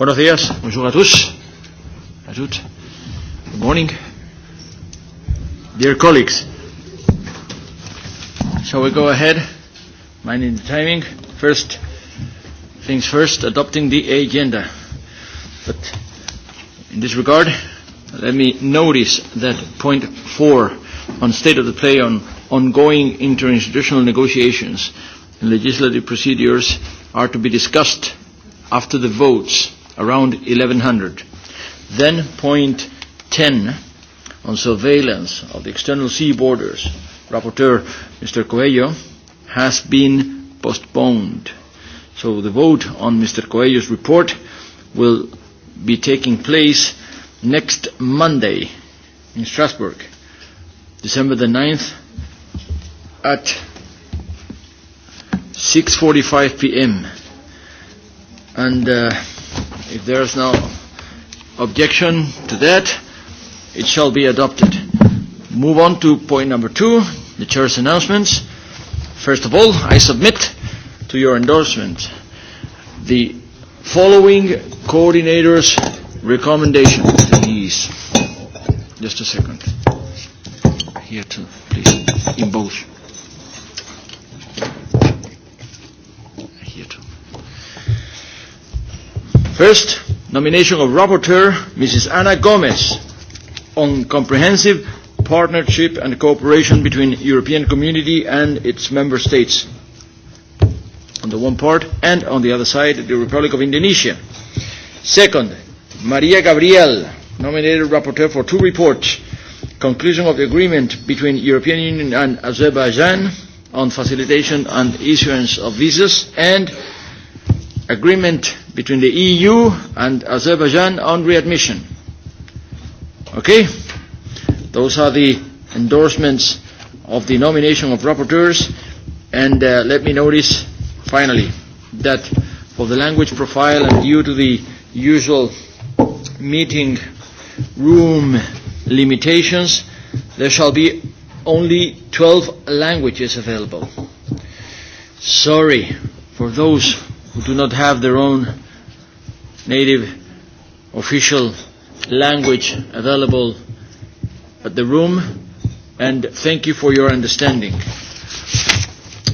Buenos días. Bonjour à tous. À tous. Good morning. Dear colleagues, shall we go ahead? Minding the timing. First things first, adopting the agenda. But in this regard, let me notice that point four on state of the play on ongoing interinstitutional negotiations and legislative procedures are to be discussed after the votes around 1100. Then point 10 on surveillance of the external sea borders, rapporteur Mr. Coelho, has been postponed. So the vote on Mr. Coelho's report will be taking place next Monday in Strasbourg, December the 9th at 6.45 p.m. And uh, If there is no objection to that, it shall be adopted. Move on to point number two, the chair's announcements. First of all, I submit to your endorsement the following coordinator's recommendation. Please, just a second. Here too, please, in both. Here too. First, nomination of rapporteur, Mrs. Ana Gomez, on comprehensive partnership and cooperation between European Community and its member states. On the one part, and on the other side, the Republic of Indonesia. Second, Maria Gabriel, nominated rapporteur for two reports. Conclusion of the agreement between European Union and Azerbaijan on facilitation and issuance of visas, and agreement between the EU and Azerbaijan on readmission. Okay, those are the endorsements of the nomination of rapporteurs and uh, let me notice finally that for the language profile and due to the usual meeting room limitations there shall be only 12 languages available. Sorry for those who do not have their own native official language available at the room and thank you for your understanding.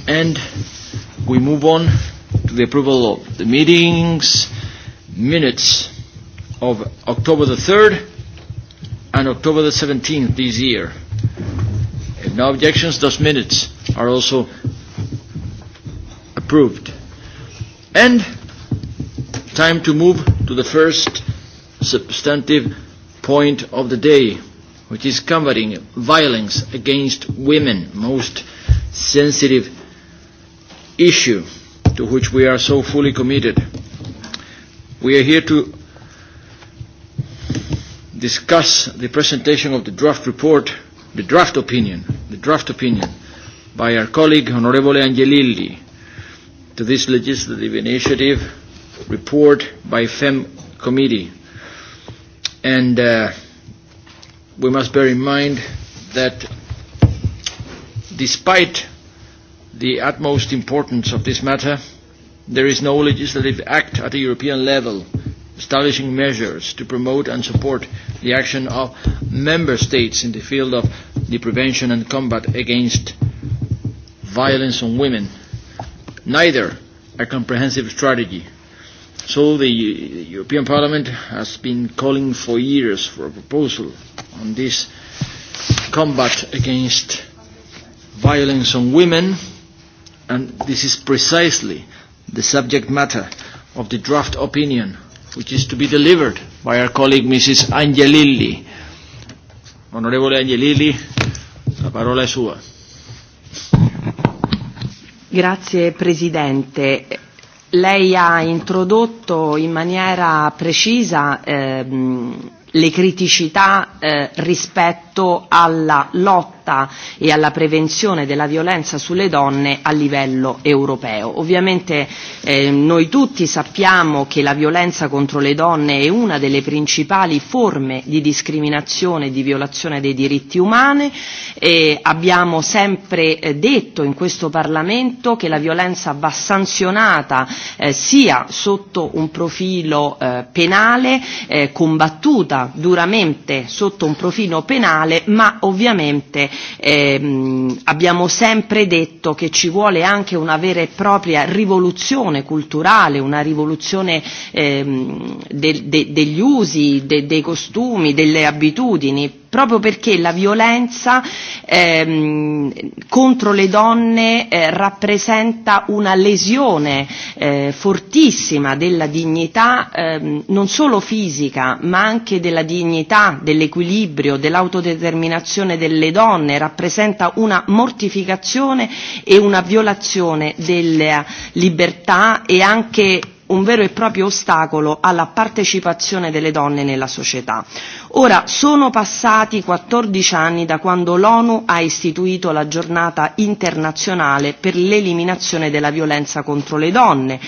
And we move on to the approval of the meetings, minutes of October the 3rd and October the 17th this year. If no objections, those minutes are also approved. And time to move to the first substantive point of the day, which is covering violence against women, most sensitive issue to which we are so fully committed. We are here to discuss the presentation of the draft report, the draft opinion, the draft opinion by our colleague Honorable Angelilli to this legislative initiative report by FEM committee. And uh, we must bear in mind that despite the utmost importance of this matter, there is no legislative act at the European level establishing measures to promote and support the action of member states in the field of the prevention and combat against violence on women neither a comprehensive strategy. So the European Parliament has been calling for years for a proposal on this combat against violence on women, and this is precisely the subject matter of the draft opinion which is to be delivered by our colleague Mrs. Angelilli. Honorable Angelilli, la parola è sua. Grazie Presidente. Lei ha introdotto in maniera precisa ehm, le criticità eh, rispetto atto alla lotta e alla prevenzione della violenza sulle donne a livello europeo. Ovviamente eh, noi tutti sappiamo che la violenza contro le donne è una delle principali forme di discriminazione e di violazione dei diritti umani e abbiamo sempre eh, detto in questo Parlamento che la violenza va sanzionata eh, sia sotto un profilo eh, penale, eh, combattuta duramente sotto un profilo penale, sociale, ma ovviamente ehm, abbiamo sempre detto che ci vuole anche una vera e propria rivoluzione culturale, una rivoluzione ehm, de, de, degli usi, de, dei costumi, delle abitudini proprio perché la violenza ehm, contro le donne eh, rappresenta una lesione eh, fortissima della dignità ehm, non solo fisica ma anche della dignità, dell'equilibrio, dell'autodeterminazione delle donne, rappresenta una mortificazione e una violazione della libertà e anche un vero e proprio ostacolo alla partecipazione delle donne nella società. Ora, sono passati 14 anni da quando l'ONU ha istituito la giornata internazionale per l'eliminazione della violenza contro le donne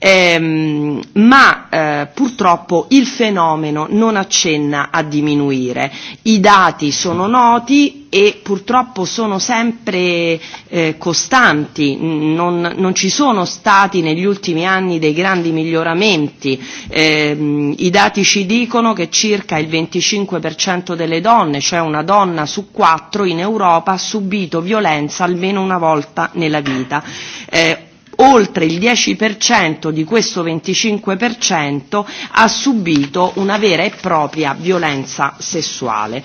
ehm, ma eh, purtroppo il fenomeno non accenna a diminuire. I dati sono noti e purtroppo sono sempre eh, costanti, non, non ci sono stati negli ultimi anni dei grandi miglioramenti. Eh, I dati ci dicono che circa il 25% delle donne, cioè una donna su quattro in Europa, ha subito violenza almeno una volta nella vita. Eh, oltre il 10% di questo 25% ha subito una vera e propria violenza sessuale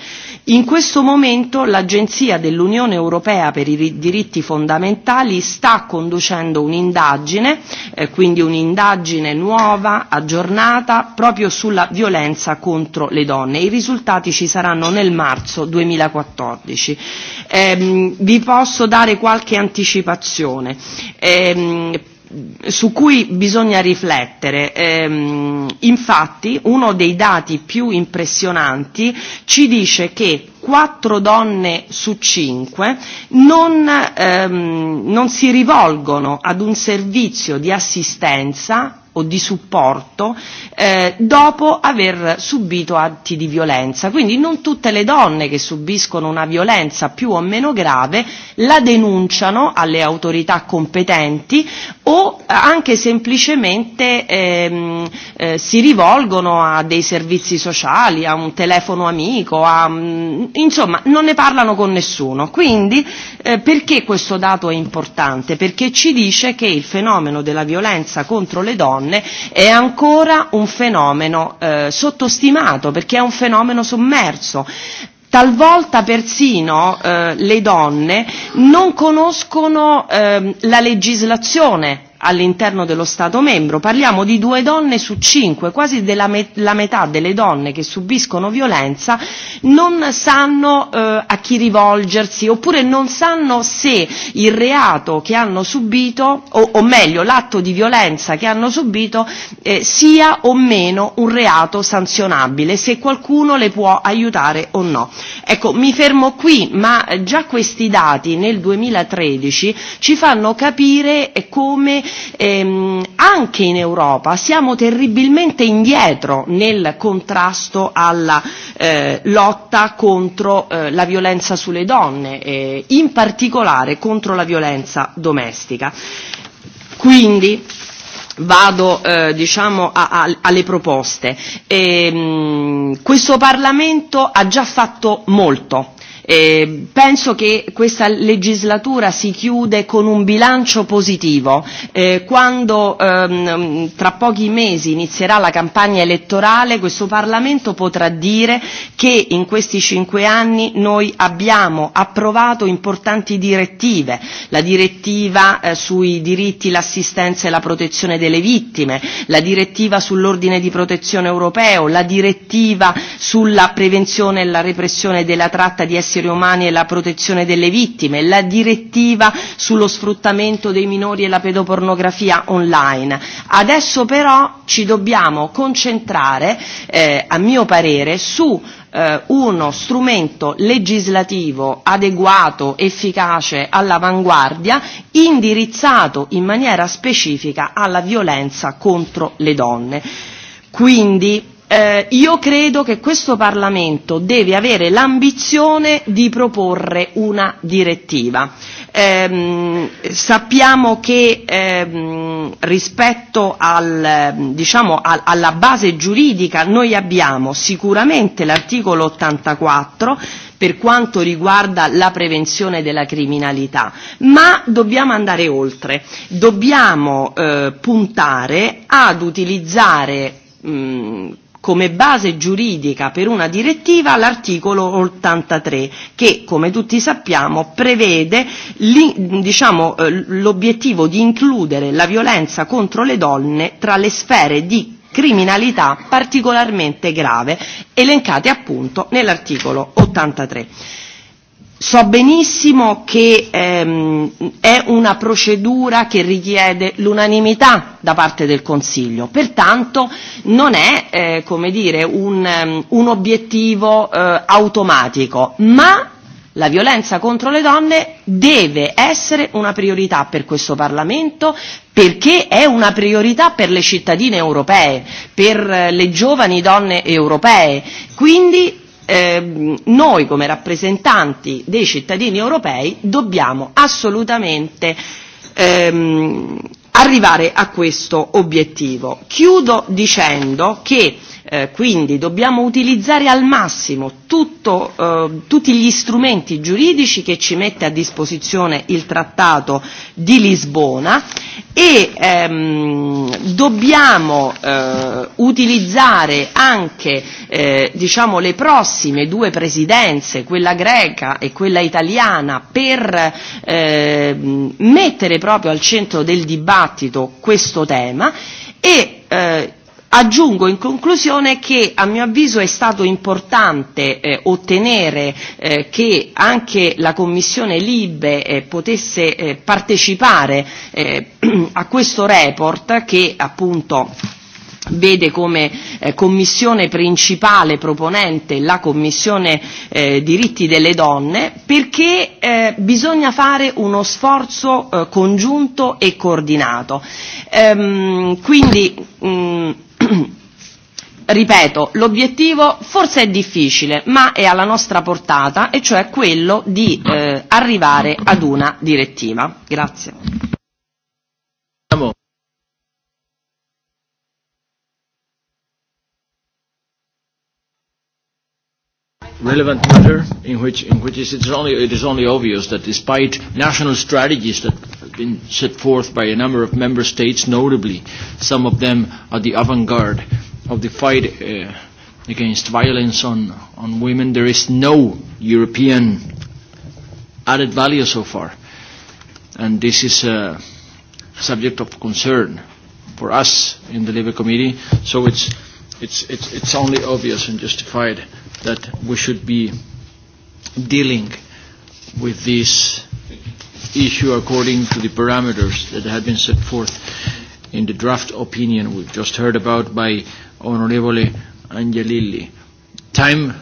in questo momento l'agenzia dell'Unione Europea per i diritti fondamentali sta conducendo un'indagine, eh, quindi un'indagine nuova, aggiornata, proprio sulla violenza contro le donne. I risultati ci saranno nel marzo 2014. Eh, vi posso dare qualche anticipazione. Eh, su cui bisogna riflettere. Ehm, infatti uno dei dati più impressionanti ci dice che quattro donne su cinque non, ehm, non si rivolgono ad un servizio di assistenza o di supporto eh, dopo aver subito atti di violenza. Quindi non tutte le donne che subiscono una violenza più o meno grave la denunciano alle autorità competenti o anche semplicemente ehm, eh, si rivolgono a dei servizi sociali, a un telefono amico, a, mm, insomma non ne parlano con nessuno. Quindi eh, perché questo dato è importante? Perché ci dice che il fenomeno della violenza contro le donne donne, è ancora un fenomeno eh, sottostimato perché è un fenomeno sommerso. Talvolta persino eh, le donne non conoscono eh, la legislazione all'interno dello Stato membro, parliamo di due donne su cinque, quasi della met- la metà delle donne che subiscono violenza non sanno eh, a chi rivolgersi oppure non sanno se il reato che hanno subito o, o meglio l'atto di violenza che hanno subito eh, sia o meno un reato sanzionabile, se qualcuno le può aiutare o no. Ecco, mi fermo qui, ma eh, già questi dati nel 2013 ci fanno capire eh, come eh, ehm, anche in Europa siamo terribilmente indietro nel contrasto alla eh, lotta contro eh, la violenza sulle donne, eh, in particolare contro la violenza domestica. Quindi vado eh, diciamo, a, a, alle proposte. E, ehm, mh, questo Parlamento ha già fatto molto. E, penso che questa legislatura si chiude con un bilancio positivo. Eh, quando ehm, tra pochi mesi inizierà la campagna elettorale, questo Parlamento potrà dire che in questi cinque anni noi abbiamo approvato importanti direttive, la direttiva eh, sui diritti, l'assistenza e la protezione delle vittime, la direttiva sull'ordine di protezione europeo, la direttiva sulla prevenzione e la repressione della tratta di esseri esseri umani e la protezione delle vittime, la direttiva sullo sfruttamento dei minori e la pedopornografia online. Adesso però ci dobbiamo concentrare, eh, a mio parere, su eh, uno strumento legislativo adeguato, efficace, all'avanguardia, indirizzato in maniera specifica alla violenza contro le donne. Quindi eh, io credo che questo Parlamento deve avere l'ambizione di proporre una direttiva. Eh, sappiamo che ehm, rispetto al, diciamo, al, alla base giuridica noi abbiamo sicuramente l'articolo 84 per quanto riguarda la prevenzione della criminalità, ma dobbiamo andare oltre, dobbiamo eh, puntare ad utilizzare mh, come base giuridica per una direttiva l'articolo 83 che come tutti sappiamo prevede diciamo, eh, l'obiettivo di includere la violenza contro le donne tra le sfere di criminalità particolarmente grave elencate appunto nell'articolo 83. So benissimo che ehm, è una procedura che richiede l'unanimità da parte del Consiglio, pertanto non è eh, come dire, un, ehm, un obiettivo eh, automatico, ma la violenza contro le donne deve essere una priorità per questo Parlamento perché è una priorità per le cittadine europee, per eh, le giovani donne europee. Quindi Ehm, noi come rappresentanti dei cittadini europei dobbiamo assolutamente ehm, arrivare a questo obiettivo. Chiudo dicendo che Eh, quindi dobbiamo utilizzare al massimo tutto, eh, tutti gli strumenti giuridici che ci mette a disposizione il Trattato di Lisbona e ehm, dobbiamo eh, utilizzare anche eh, diciamo, le prossime due presidenze, quella greca e quella italiana, per eh, mettere proprio al centro del dibattito questo tema e eh, Aggiungo in conclusione che a mio avviso è stato importante eh, ottenere eh, che anche la Commissione Libe eh, potesse eh, partecipare eh, a questo report che appunto vede come eh, commissione principale proponente la commissione eh, diritti delle donne perché eh, bisogna fare uno sforzo eh, congiunto e coordinato. Ehm, quindi, mh, mm, Ripeto, l'obiettivo forse è difficile, ma è alla nostra portata, e cioè quello di eh, arrivare ad una direttiva. Grazie. relevant matter in which, in which it, is only, it is only obvious that despite national strategies that have been set forth by a number of member states, notably some of them are the avant-garde of the fight uh, against violence on, on women, there is no European added value so far. And this is a subject of concern for us in the Labour Committee, so it's, it's, it's, it's only obvious and justified that we should be dealing with this issue according to the parameters that have been set forth in the draft opinion we've just heard about by Honorable Angelilli. Time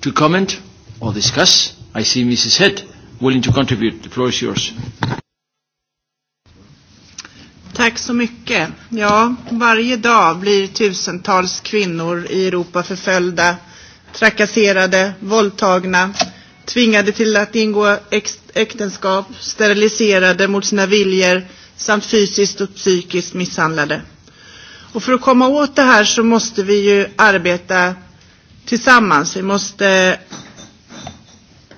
to comment or discuss. I see Mrs. Head willing to contribute. The floor is yours. Tack så mycket. Ja, varje dag blir tusentals kvinnor i Europa förföljda trakasserade, våldtagna, tvingade till att ingå äktenskap, steriliserade mot sina viljor samt fysiskt och psykiskt misshandlade. Och för att komma åt det här så måste vi ju arbeta tillsammans. Vi måste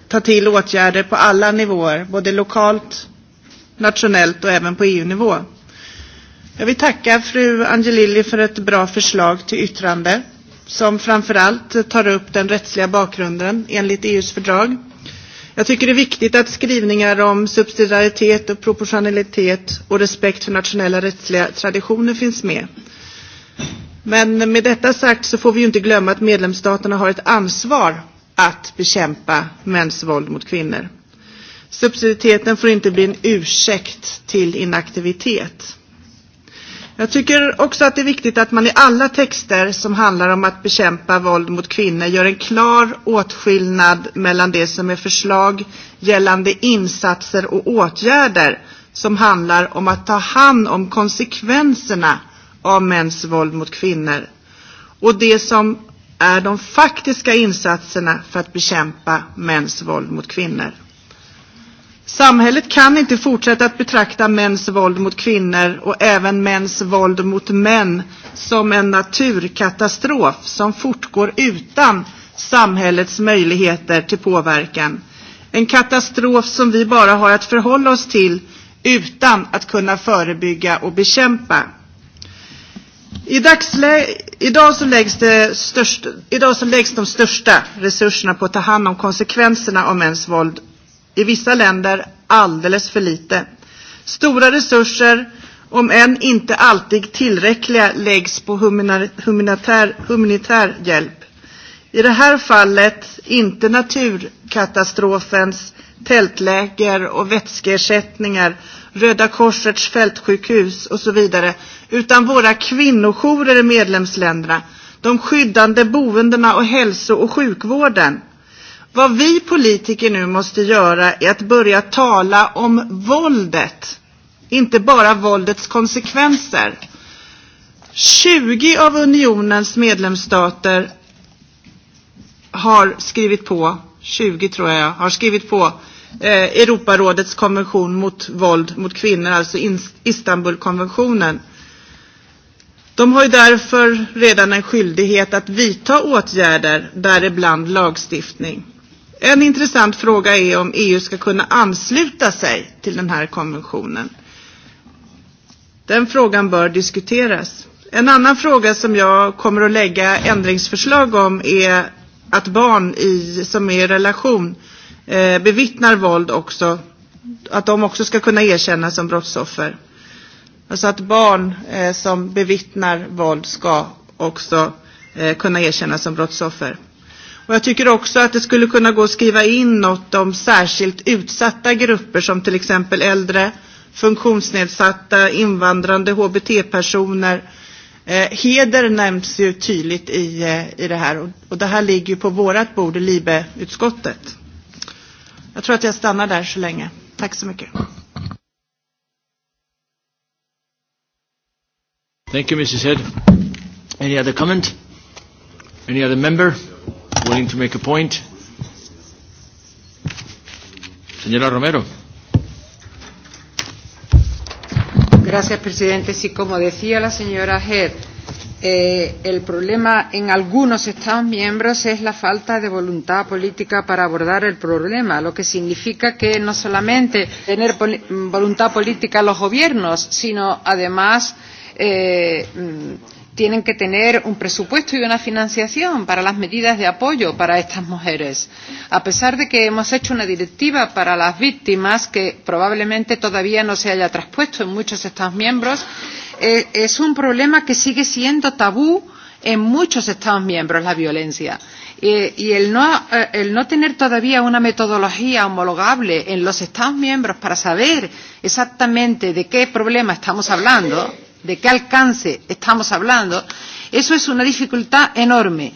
ta till åtgärder på alla nivåer, både lokalt, nationellt och även på EU-nivå. Jag vill tacka fru Angelilli för ett bra förslag till yttrande som framförallt tar upp den rättsliga bakgrunden enligt EUs fördrag. Jag tycker det är viktigt att skrivningar om subsidiaritet och proportionalitet och respekt för nationella rättsliga traditioner finns med. Men med detta sagt så får vi ju inte glömma att medlemsstaterna har ett ansvar att bekämpa mäns våld mot kvinnor. Subsidiariteten får inte bli en ursäkt till inaktivitet. Jag tycker också att det är viktigt att man i alla texter som handlar om att bekämpa våld mot kvinnor gör en klar åtskillnad mellan det som är förslag gällande insatser och åtgärder som handlar om att ta hand om konsekvenserna av mäns våld mot kvinnor och det som är de faktiska insatserna för att bekämpa mäns våld mot kvinnor. Samhället kan inte fortsätta att betrakta mäns våld mot kvinnor och även mäns våld mot män som en naturkatastrof som fortgår utan samhällets möjligheter till påverkan. En katastrof som vi bara har att förhålla oss till utan att kunna förebygga och bekämpa. I, idag, så läggs det störst, idag så läggs de största resurserna på att ta hand om konsekvenserna av mäns våld i vissa länder alldeles för lite. Stora resurser, om än inte alltid tillräckliga, läggs på humanitär, humanitär hjälp. I det här fallet inte naturkatastrofens tältläger och vätskeersättningar, Röda Korsets fältsjukhus och så vidare, utan våra kvinnojourer i medlemsländerna, de skyddande boendena och hälso- och sjukvården. Vad vi politiker nu måste göra är att börja tala om våldet, inte bara våldets konsekvenser. 20 av unionens medlemsstater har skrivit på, 20 tror jag, har skrivit på eh, Europarådets konvention mot våld mot kvinnor, alltså Istanbulkonventionen. De har ju därför redan en skyldighet att vidta åtgärder, däribland lagstiftning. En intressant fråga är om EU ska kunna ansluta sig till den här konventionen. Den frågan bör diskuteras. En annan fråga som jag kommer att lägga ändringsförslag om är att barn i, som är i relation eh, bevittnar våld också, att de också ska kunna erkännas som brottsoffer. Alltså att barn eh, som bevittnar våld ska också eh, kunna erkännas som brottsoffer. Och jag tycker också att det skulle kunna gå att skriva in något om särskilt utsatta grupper som till exempel äldre, funktionsnedsatta, invandrande HBT-personer. Eh, heder nämns ju tydligt i, eh, i det här och, och det här ligger ju på vårat bord i LIBE-utskottet. Jag tror att jag stannar där så länge. Tack så mycket. Thank you, Mrs. Head. Any other comment? Any other member? willing to make a point? Señora Romero. Gracias, presidente. Sí, como decía la señora Head, eh, el problema en algunos Estados miembros es la falta de voluntad política para abordar el problema, lo que significa que no solamente tener pol voluntad política los gobiernos, sino además. Eh, tienen que tener un presupuesto y una financiación para las medidas de apoyo para estas mujeres. A pesar de que hemos hecho una directiva para las víctimas que probablemente todavía no se haya traspuesto en muchos Estados miembros, eh, es un problema que sigue siendo tabú en muchos Estados miembros la violencia. Y el no, eh, el no tener todavía una metodología homologable en los Estados miembros para saber exactamente de qué problema estamos hablando, de qué alcance estamos hablando, eso es una dificultad enorme.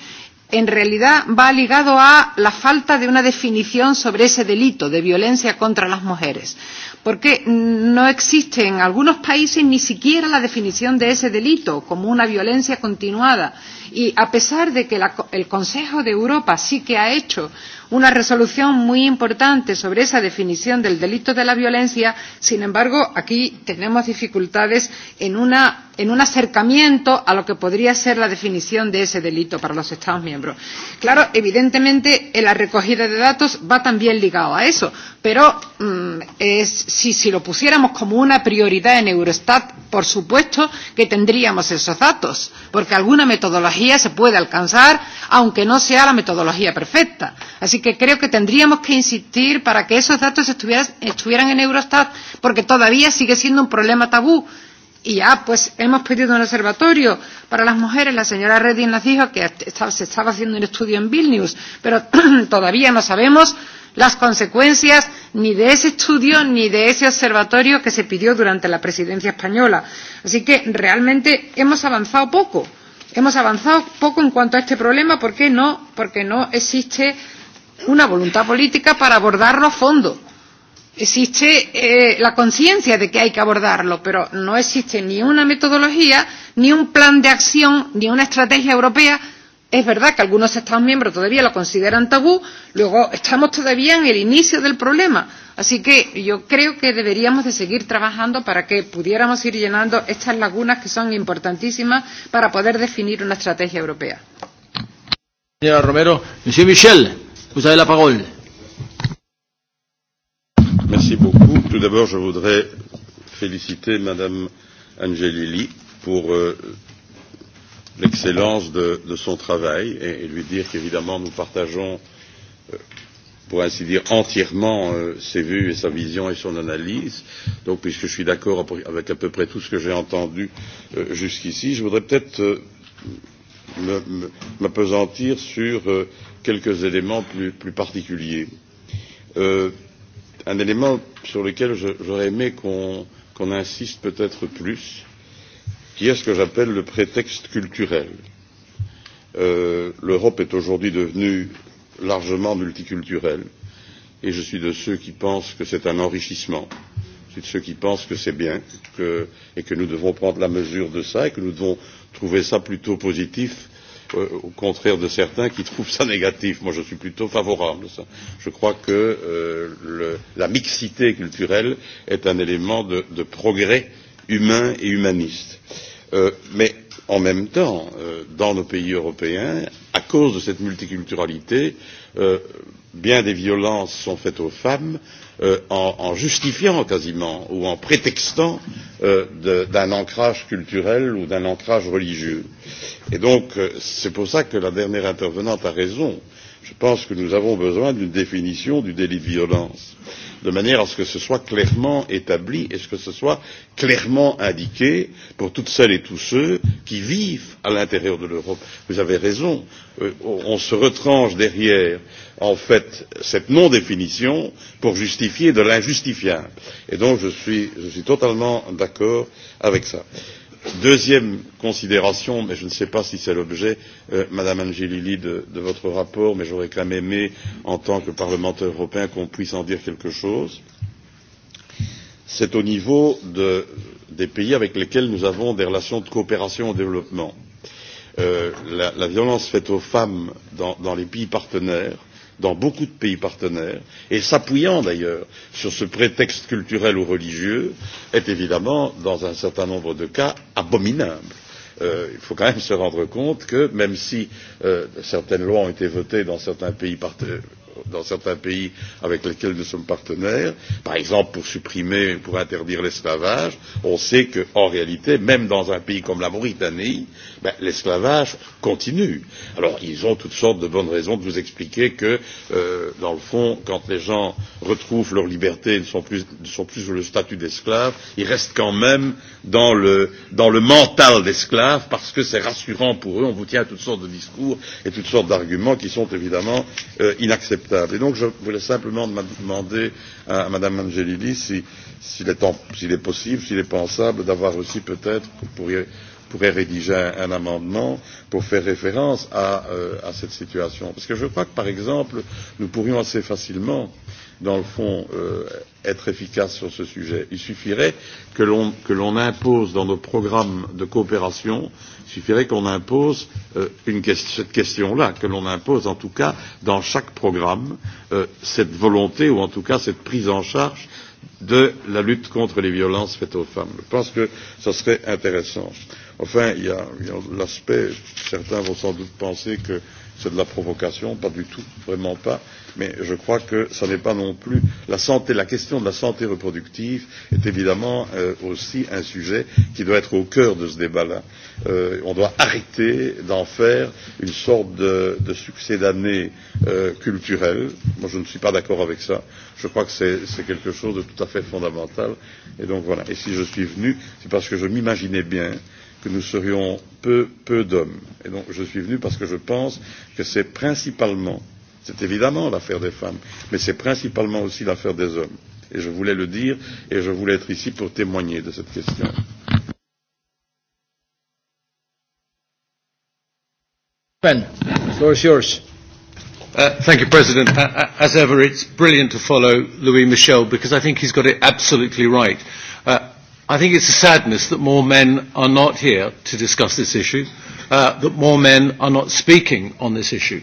En realidad va ligado a la falta de una definición sobre ese delito de violencia contra las mujeres, porque no existe en algunos países ni siquiera la definición de ese delito como una violencia continuada y a pesar de que la, el Consejo de Europa sí que ha hecho una resolución muy importante sobre esa definición del delito de la violencia, sin embargo, aquí tenemos dificultades en, una, en un acercamiento a lo que podría ser la definición de ese delito para los Estados miembros. Claro, evidentemente, en la recogida de datos va también ligado a eso, pero mmm, es, si, si lo pusiéramos como una prioridad en Eurostat, por supuesto que tendríamos esos datos, porque alguna metodología metodología se puede alcanzar, aunque no sea la metodología perfecta. Así que creo que tendríamos que insistir para que esos datos estuvieran, estuvieran en Eurostat, porque todavía sigue siendo un problema tabú. Y ya, pues hemos pedido un observatorio para las mujeres. La señora Redding nos dijo que estaba, se estaba haciendo un estudio en Vilnius, pero todavía no sabemos las consecuencias ni de ese estudio ni de ese observatorio que se pidió durante la presidencia española. Así que realmente hemos avanzado poco hemos avanzado poco en cuanto a este problema porque no, porque no existe una voluntad política para abordarlo a fondo. Existe eh, la conciencia de que hay que abordarlo, pero no existe ni una metodología, ni un plan de acción, ni una estrategia europea Es verdad que algunos Estados miembros todavía lo consideran tabú, luego estamos todavía en el inicio del problema. Así que yo creo que deberíamos de seguir trabajando para que pudiéramos ir llenando estas lagunas que son importantísimas para poder definir una estrategia europea. Señora Romero, Monsieur Michel, usted la parole. Merci beaucoup. Tout d'abord, je voudrais féliciter Madame Angelilli pour euh, l'excellence de, de son travail et, et lui dire qu'évidemment nous partageons, euh, pour ainsi dire, entièrement euh, ses vues et sa vision et son analyse. Donc, puisque je suis d'accord avec à peu près tout ce que j'ai entendu euh, jusqu'ici, je voudrais peut-être euh, m'apesantir sur euh, quelques éléments plus, plus particuliers. Euh, un élément sur lequel j'aurais aimé qu'on qu insiste peut-être plus, euh, qui est ce que j'appelle le prétexte culturel. Euh, l'europe est aujourd'hui devenue largement multiculturelle et je suis de ceux qui pensent que c'est un enrichissement je suis de ceux qui pensent que c'est bien que, et que nous devons prendre la mesure de ça et que nous devons trouver ça plutôt positif euh, au contraire de certains qui trouvent ça négatif, moi je suis plutôt favorable à ça. Je crois que euh, le, la mixité culturelle est un élément de, de progrès euh, humain et humaniste. Euh, mais en même temps, euh, dans nos pays européens, à cause de cette multiculturalité, euh, bien des violences sont faites aux femmes euh, en, en justifiant quasiment ou en prétextant euh, d'un ancrage culturel ou d'un ancrage religieux. Et donc, euh, c'est pour ça que la dernière intervenante a raison. Euh, je pense que nous avons besoin d'une définition du délit de violence de manière à ce que ce soit clairement établi et ce que ce soit clairement indiqué pour toutes celles et tous ceux qui vivent à l'intérieur de l'europe. vous avez raison euh, on se retranche derrière en fait cette non définition pour justifier de l'injustifiable et donc je suis, je suis totalement d'accord avec cela deuxième considération mais je ne sais pas si c'est l'objet euh, madame angelilli de votre rapport mais j'aurais quand même aimé en tant que parlementaire européen qu'on puisse en dire quelque chose c'est au niveau des pays avec lesquels nous avons des relations de coopération au développement. Euh, la violence faite aux femmes dans les pays partenaires dans beaucoup de pays partenaires et s'appuyant d'ailleurs sur ce prétexte culturel ou religieux est évidemment dans un certain nombre de cas abominable. Euh, il faut quand même se rendre compte que même si euh, certaines lois ont été votées dans certains pays partenaires dans certains pays avec lesquels nous sommes partenaires, par exemple pour supprimer ou pour interdire l'esclavage, on sait qu'en réalité, même dans un pays comme la Mauritanie, ben, l'esclavage continue. Alors, ils ont toutes sortes de bonnes raisons de vous expliquer que, euh, dans le fond, quand les gens retrouvent leur liberté et ne sont plus, ne sont plus sous le statut d'esclave, ils restent quand même dans le, dans le mental d'esclave parce que c'est rassurant pour eux, on vous tient à toutes sortes de discours et toutes sortes d'arguments qui sont évidemment euh, inacceptables stade. Et donc, je voulais simplement demander à, à Madame Angelilli s'il si, est, est possible, s'il est pensable d'avoir aussi peut-être pourrait rédiger un, un amendement pour faire référence à, euh, à cette situation. Parce que je crois que, par exemple, nous pourrions assez facilement euh, dans le fond, euh, être efficace sur ce sujet. Il suffirait que l'on impose dans nos programmes de coopération, il suffirait qu'on impose euh, une, cette question-là, que l'on impose en tout cas dans chaque programme euh, cette volonté ou en tout cas cette prise en charge de la lutte contre les violences faites aux femmes. Je pense que ce serait intéressant. Enfin, il y a, a l'aspect, certains vont sans doute penser que c'est de la provocation, pas du tout, vraiment pas. Mais je crois que ce n'est pas non plus la santé. La question de la santé reproductive est évidemment euh, aussi un sujet qui doit être au cœur de ce débat-là. Euh, on doit arrêter d'en faire une sorte de, de succès d'année euh, culturel. Moi, je ne suis pas d'accord avec ça. Je crois que c'est quelque chose de tout à fait fondamental. Et donc voilà. Et si je suis venu, c'est parce que je m'imaginais bien euh, que nous serions peu, peu d'hommes. Et donc je suis venu parce que je pense que c'est principalement, c'est évidemment l'affaire des femmes, mais c'est principalement aussi l'affaire des hommes. Et je voulais le dire et je voulais être ici pour témoigner de cette question. Ben, the floor is yours. Uh, thank you, President. Uh, uh, as ever, it's brilliant to follow Louis Michel because I think he's got it absolutely right. Uh, I think it's a sadness that more men are not here to discuss this issue, uh, that more men are not speaking on this issue.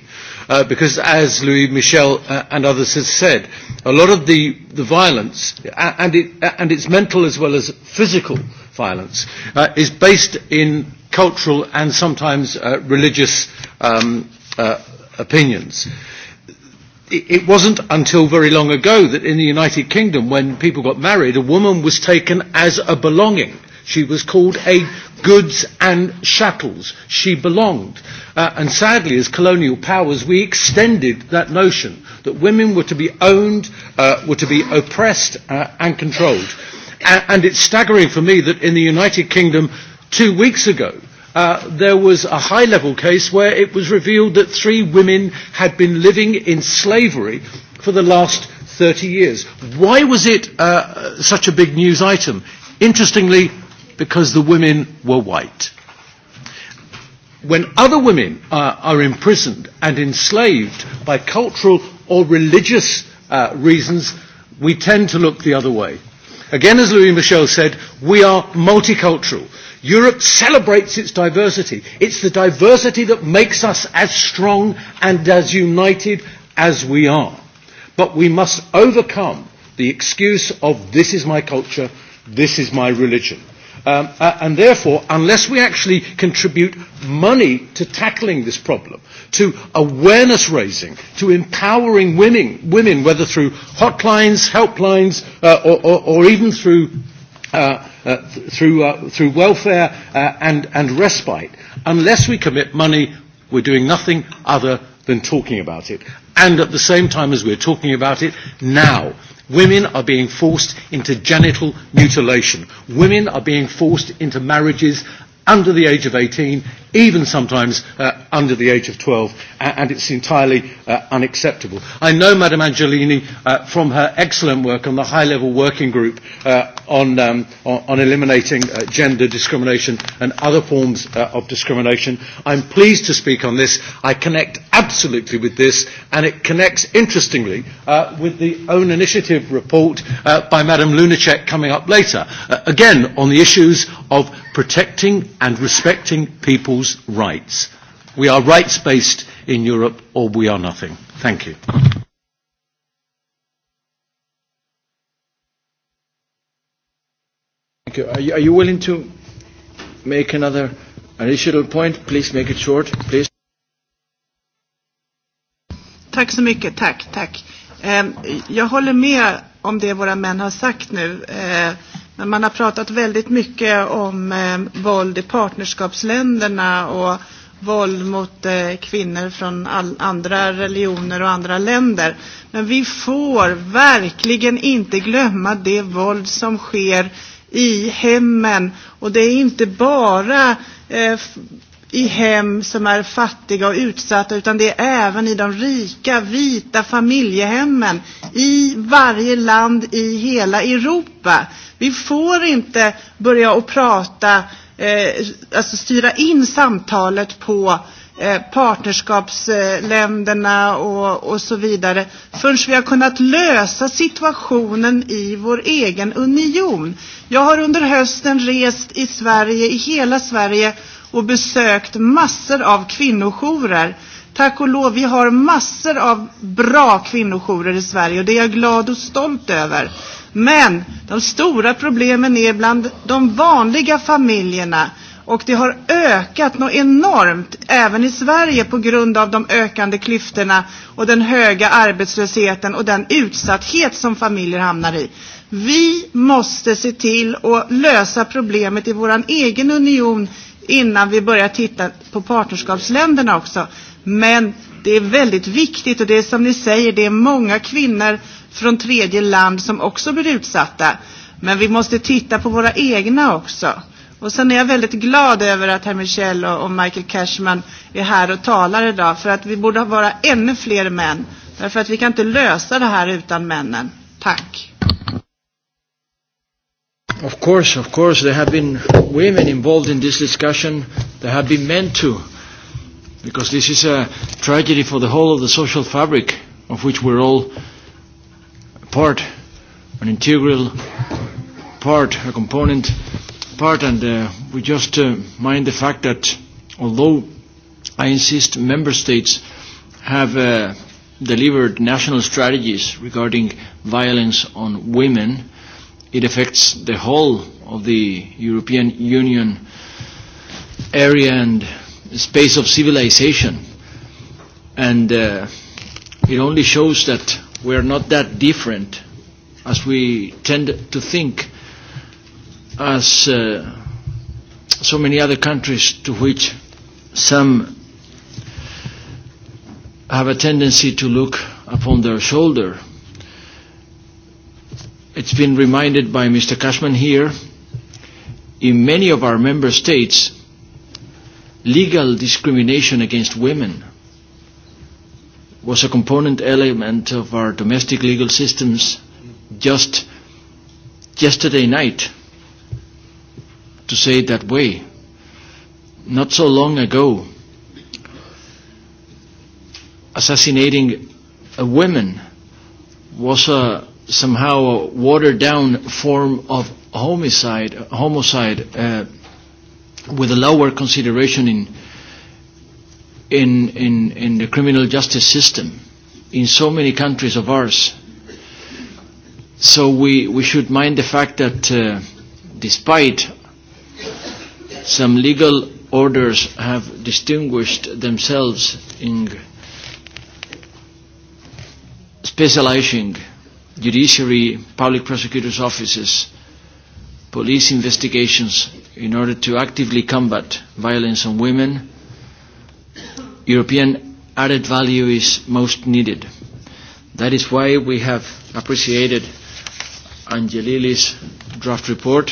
Uh, because as Louis Michel uh, and others have said, a lot of the, the violence, and, it, and it's mental as well as physical violence, uh, is based in cultural and sometimes uh, religious um, uh, opinions. Mm-hmm it wasn't until very long ago that in the United Kingdom, when people got married, a woman was taken as a belonging. She was called a goods and chattels. She belonged. Uh, and sadly, as colonial powers, we extended that notion that women were to be owned, uh, were to be oppressed uh, and controlled. A- and it's staggering for me that in the United Kingdom, two weeks ago, uh, there was a high level case where it was revealed that three women had been living in slavery for the last 30 years. Why was it uh, such a big news item? Interestingly, because the women were white. When other women uh, are imprisoned and enslaved by cultural or religious uh, reasons, we tend to look the other way. Again, as Louis Michel said, we are multicultural. Europe celebrates its diversity. It's the diversity that makes us as strong and as united as we are. But we must overcome the excuse of this is my culture, this is my religion. Um, uh, and therefore, unless we actually contribute money to tackling this problem, to awareness raising, to empowering women, women whether through hotlines, helplines, uh, or, or, or even through uh, uh, th- through, uh, through welfare uh, and, and respite. Unless we commit money, we're doing nothing other than talking about it. And at the same time as we're talking about it, now, women are being forced into genital mutilation. Women are being forced into marriages under the age of 18 even sometimes uh, under the age of 12, and it's entirely uh, unacceptable. I know Madame Angelini uh, from her excellent work on the high-level working group uh, on, um, on eliminating uh, gender discrimination and other forms uh, of discrimination. I'm pleased to speak on this. I connect absolutely with this, and it connects, interestingly, uh, with the own initiative report uh, by Madame Lunacek coming up later, uh, again on the issues of protecting and respecting people's people's rights. We are rights based in Europe or we are nothing. Thank you. Thank you. Are you, are you willing to make another additional point? Please make it short, please. Tack så mycket. Tack, tack. Ehm, jag håller med om det våra män har sagt nu. Eh, när man har pratat väldigt mycket om eh, våld i partnerskapsländerna och våld mot eh, kvinnor från all, andra religioner och andra länder. Men vi får verkligen inte glömma det våld som sker i hemmen. Och det är inte bara eh, i hem som är fattiga och utsatta, utan det är även i de rika, vita familjehemmen i varje land i hela Europa. Vi får inte börja och prata, eh, alltså styra in samtalet på eh, partnerskapsländerna och, och så vidare förrän vi har kunnat lösa situationen i vår egen union. Jag har under hösten rest i Sverige, i hela Sverige, och besökt massor av kvinnojourer. Tack och lov, vi har massor av bra kvinnojourer i Sverige och det är jag glad och stolt över. Men de stora problemen är bland de vanliga familjerna. Och det har ökat något enormt även i Sverige på grund av de ökande klyftorna och den höga arbetslösheten och den utsatthet som familjer hamnar i. Vi måste se till att lösa problemet i vår egen union innan vi börjar titta på partnerskapsländerna också. Men det är väldigt viktigt och det är som ni säger, det är många kvinnor från tredje land som också blir utsatta. Men vi måste titta på våra egna också. Och sen är jag väldigt glad över att herr Michel och Michael Cashman är här och talar idag. För att vi borde vara ännu fler män. Därför att vi kan inte lösa det här utan männen. Tack. Of course, of course, there have been women involved in this discussion. There have been men too, because this is a tragedy for the whole of the social fabric of which we're all part, an integral part, a component part. And uh, we just uh, mind the fact that although I insist member states have uh, delivered national strategies regarding violence on women it affects the whole of the European Union area and space of civilization. And uh, it only shows that we are not that different as we tend to think, as uh, so many other countries to which some have a tendency to look upon their shoulder it's been reminded by Mr. Cashman here, in many of our member states, legal discrimination against women was a component element of our domestic legal systems just yesterday night, to say it that way. Not so long ago, assassinating a woman was a somehow a watered down form of homicide, homicide uh, with a lower consideration in, in, in, in the criminal justice system in so many countries of ours. So we, we should mind the fact that uh, despite some legal orders have distinguished themselves in specializing judiciary, public prosecutor's offices, police investigations in order to actively combat violence on women, European added value is most needed. That is why we have appreciated Angelili's draft report,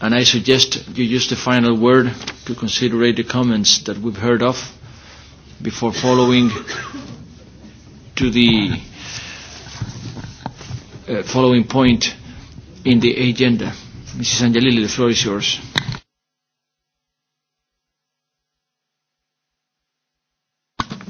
and I suggest you use the final word to consider the comments that we've heard of before following to the uh, following point in the agenda. Mrs. Angelili, the floor is yours.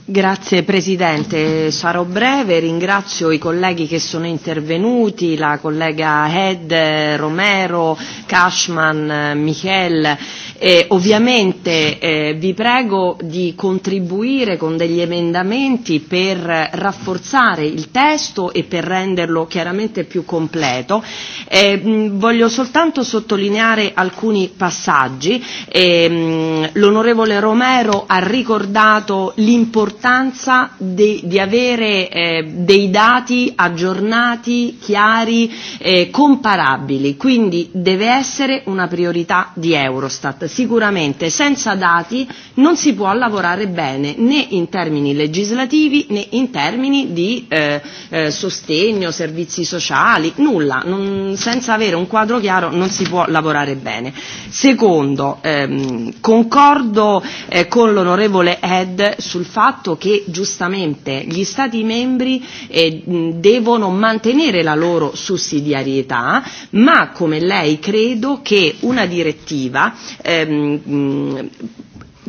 Grazie Presidente, sarò breve, ringrazio i colleghi che sono intervenuti, la collega Head, Romero, Cashman, eh, Michele. Eh, ovviamente eh, vi prego di contribuire con degli emendamenti per rafforzare il testo e per renderlo chiaramente più completo. Eh, mh, mm, voglio soltanto sottolineare alcuni passaggi. Eh, mh, mm, l'onorevole Romero ha ricordato l'importanza de, di avere eh, dei dati aggiornati, chiari, eh, comparabili. Quindi deve essere una priorità di Eurostat sicuramente senza dati non si può lavorare bene né in termini legislativi né in termini di eh, eh, sostegno, servizi sociali, nulla, non, senza avere un quadro chiaro non si può lavorare bene. Secondo, ehm, concordo eh, con l'onorevole Ed sul fatto che giustamente gli Stati membri eh, devono mantenere la loro sussidiarietà, ma come lei credo che una direttiva eh, ehm,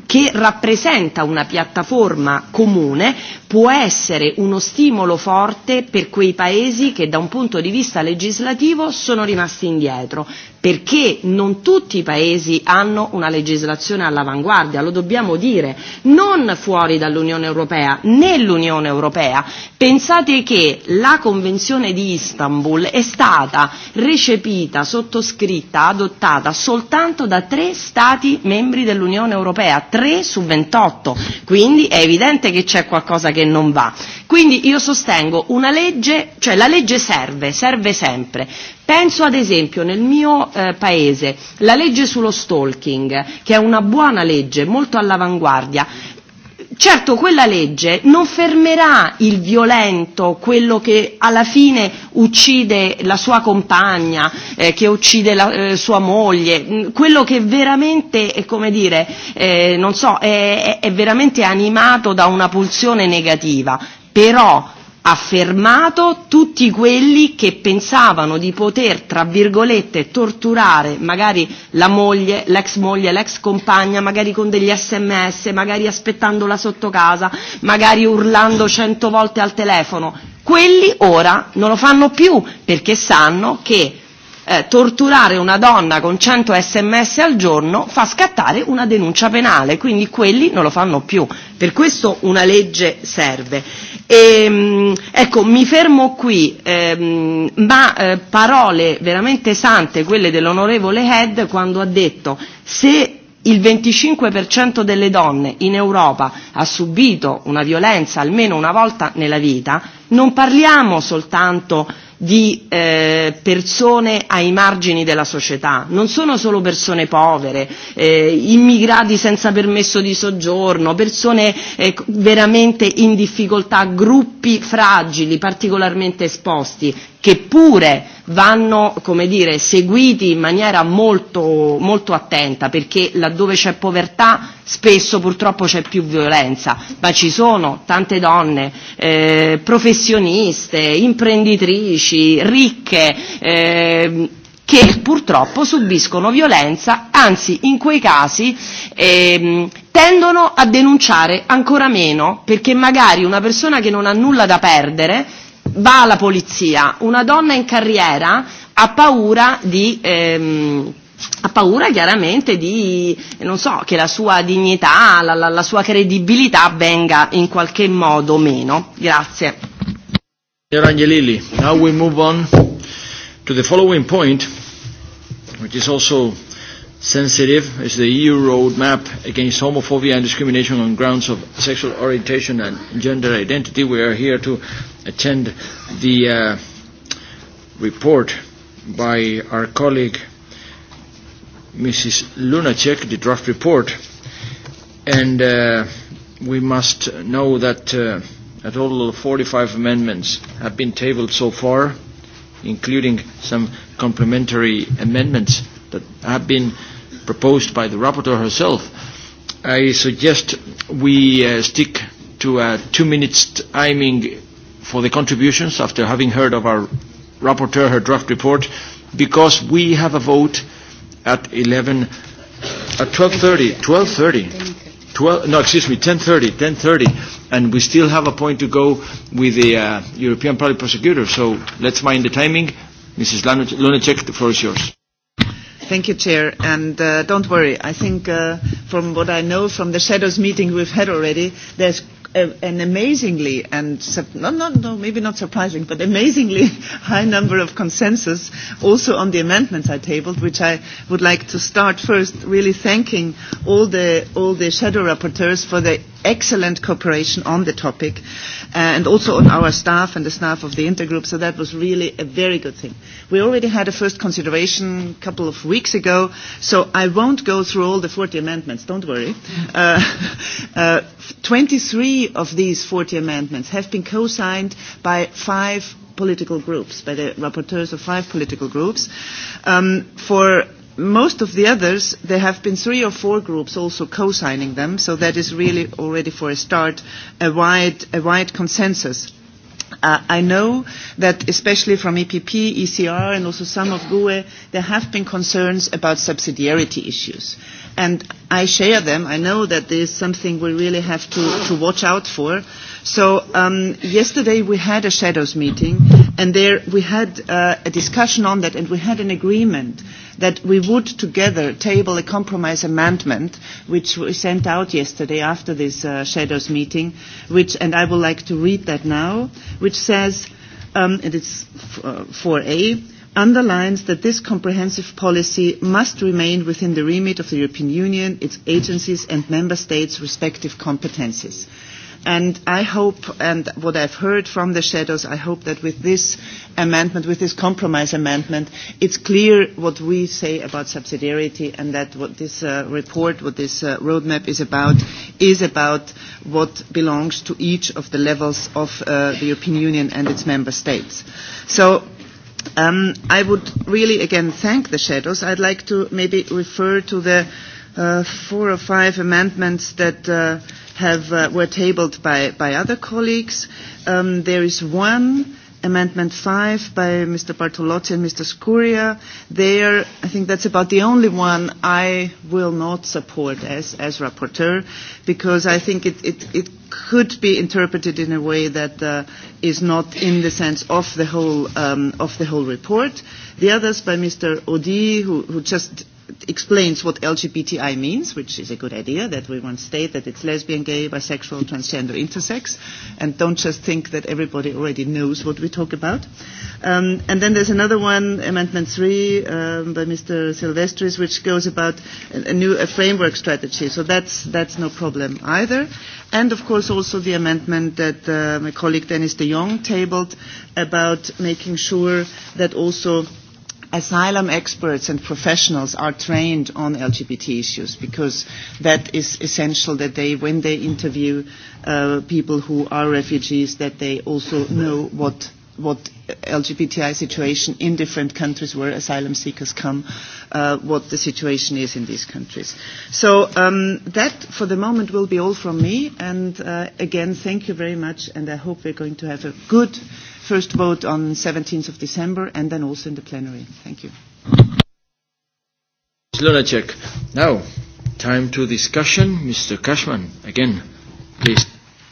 che rappresenta una piattaforma comune può essere uno stimolo forte per quei paesi che da un punto di vista legislativo sono rimasti indietro, perché non tutti i paesi hanno una legislazione all'avanguardia, lo dobbiamo dire, non fuori dall'Unione Europea, nell'Unione Europea. Pensate che la Convenzione di Istanbul è stata recepita, sottoscritta, adottata soltanto da tre Stati membri dell'Unione Europea, 3 su 28, quindi è evidente che c'è qualcosa che non va. Quindi io sostengo una legge, cioè la legge serve, serve sempre. Penso ad esempio nel mio eh, paese la legge sullo stalking, che è una buona legge, molto all'avanguardia, Certo, quella legge non fermerà il violento, quello che alla fine uccide la sua compagna, eh, che uccide la eh, sua moglie, mm, quello che veramente è, come dire, eh, non so, è, è veramente animato da una pulsione negativa. Però affermato tutti quelli che pensavano di poter, tra virgolette, torturare magari la moglie, l'ex moglie, l'ex compagna, magari con degli sms, magari aspettandola sotto casa, magari urlando cento volte al telefono. Quelli ora non lo fanno più perché sanno che eh, torturare una donna con 100 sms al giorno fa scattare una denuncia penale, quindi quelli non lo fanno più. Per questo una legge serve. E, ecco, mi fermo qui, ehm, ma eh, parole veramente sante, quelle dell'onorevole Head, quando ha detto se il 25% delle donne in Europa ha subito una violenza almeno una volta nella vita, non parliamo soltanto di di eh, persone ai margini della società, non sono solo persone povere, eh, immigrati senza permesso di soggiorno, persone eh, veramente in difficoltà, gruppi fragili, particolarmente esposti, che pure vanno come dire, seguiti in maniera molto, molto attenta, perché laddove c'è povertà spesso purtroppo c'è più violenza, ma ci sono tante donne eh, professioniste, imprenditrici, ricche, eh, che purtroppo subiscono violenza, anzi in quei casi ehm, tendono a denunciare ancora meno, perché magari una persona che non ha nulla da perdere va alla polizia, una donna in carriera ha paura di. Ehm, ha paura chiaramente di, non so, che la sua dignità, la, la, la sua credibilità venga in qualche modo meno. Grazie. Signor Angelilli, now we move on to the following point, which is also sensitive is the EU roadmap against homophobia and discrimination on grounds of sexual orientation and gender identity. We are here to attend the uh, report by our colleague Mrs. Lunacek, the draft report. And uh, we must know that uh, a total of 45 amendments have been tabled so far, including some complementary amendments that have been uh, proposed by the rapporteur herself, I suggest we uh, stick to a two minutes timing for the contributions after having heard of our rapporteur, her draft report, because we have a vote at 11, at 12.30, 12.30, 12, no, excuse me, 10.30, 10.30, and we still have a point to go with the uh, European Public Prosecutor, so let's mind the timing. Mrs. Lunacek, the floor is yours. Thank you, Chair. And uh, don't worry, I think uh, from what I know from the Shadows meeting we've had already, there's a, an amazingly, and sub- no, no, no, maybe not surprising, but amazingly high number of consensus also on the amendments I tabled, which I would like to start first really thanking all the, all the Shadow Rapporteurs for the excellent cooperation on the topic uh, and also on our staff and the staff of the intergroup. So that was really a very good thing. We already had a first consideration a couple of weeks ago, so I won't go through all the 40 amendments, don't worry. Uh, uh, 23 of these 40 amendments have been co signed by five political groups, by the rapporteurs of five political groups. Um, for most of the others, there have been three or four groups also co-signing them, so that is really already for a start a wide, a wide consensus. Uh, I know that especially from EPP, ECR and also some of GUE, there have been concerns about subsidiarity issues. Uh, and I share them. I know that this is something we really have to, to watch out for. So um, yesterday we had a shadows meeting, and there we had uh, a discussion on that, and we had an agreement that we would together table a compromise amendment, which we sent out yesterday after this uh, shadows meeting, which, and I would like to read that now, which says, um, and it's 4A, f- uh, underlines that this comprehensive policy must remain within the remit of the European Union, its agencies and member states' respective competences. And I hope, and what I've heard from the shadows, I hope that with this amendment, with this compromise amendment, it's clear what we say about subsidiarity and that what this uh, report, what this uh, roadmap is about, is about what belongs to each of the levels of uh, the European Union and its member states. So Um, I would really again thank the shadows. I'd like to maybe refer to the uh, four or five amendments that uh, have, uh, were tabled by, by other colleagues. Um, there is one. Amendment 5 by Mr. Bartolotti and Mr. Scuria. There, I think that's about the only one I will not support as, as rapporteur because I think it, it, it could be interpreted in a way that uh, is not in the sense of the whole, um, of the whole report. The others by Mr. Odi, who, who just explains what LGBTI means, which is a good idea, that we want to state that it's lesbian, gay, bisexual, transgender, intersex, and don't just think that everybody already knows what we talk about. Um, and then there's another one, Amendment 3 um, by Mr. Silvestris, which goes about a, a new a framework strategy. So that's, that's no problem either. And of course also the amendment that uh, my colleague Dennis de Jong tabled about making sure that also asylum experts and professionals are trained on LGBT issues because that is essential that they, when they interview uh, people who are refugees, that they also know what, what LGBTI situation in different countries where asylum seekers come, uh, what the situation is in these countries. So um, that, for the moment, will be all from me. And uh, again, thank you very much, and I hope we're going to have a good first vote on 17th of December and then also in the plenary. Thank you. Ms. Lunacek, now time to discussion. Mr. Kashman, again, please.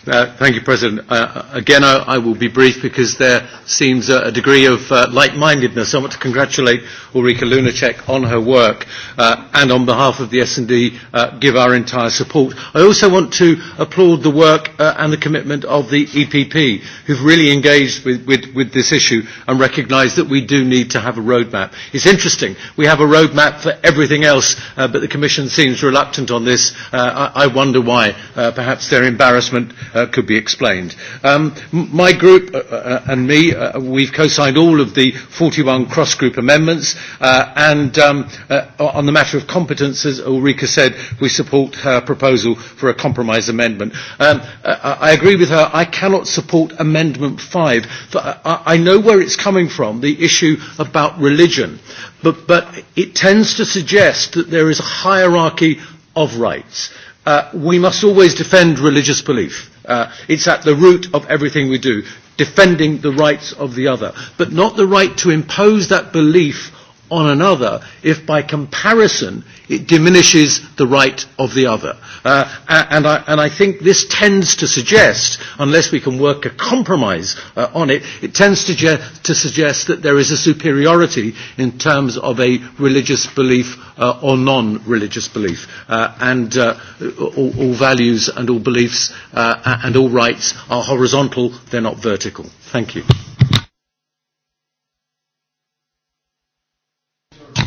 Uh, thank you, President. Uh, again, I, I will be brief because there seems a, a degree of uh, like-mindedness. I want to congratulate Ulrika Lunacek on her work uh, and on behalf of the S&D uh, give our entire support. I also want to applaud the work uh, and the commitment of the EPP who've really engaged with, with, with this issue and recognise that we do need to have a roadmap. It's interesting. We have a roadmap for everything else, uh, but the Commission seems reluctant on this. Uh, I, I wonder why. Uh, perhaps their embarrassment uh, could be explained. Um, my group uh, uh, and me, uh, we've co-signed all of the 41 cross-group amendments uh, and um, uh, on the matter of competence, as Ulrika said, we support her proposal for a compromise amendment. Um, I, uh, I agree with her. I cannot support Amendment 5. For, uh, I know where it's coming from, the issue about religion, but, but it tends to suggest that there is a hierarchy of rights. Uh, we must always defend religious belief. Uh, it's at the root of everything we do, defending the rights of the other, but not the right to impose that belief on another if by comparison it diminishes the right of the other. Uh, and, I, and I think this tends to suggest, unless we can work a compromise uh, on it, it tends to, ge- to suggest that there is a superiority in terms of a religious belief uh, or non-religious belief. Uh, and uh, all, all values and all beliefs uh, and all rights are horizontal, they're not vertical. Thank you.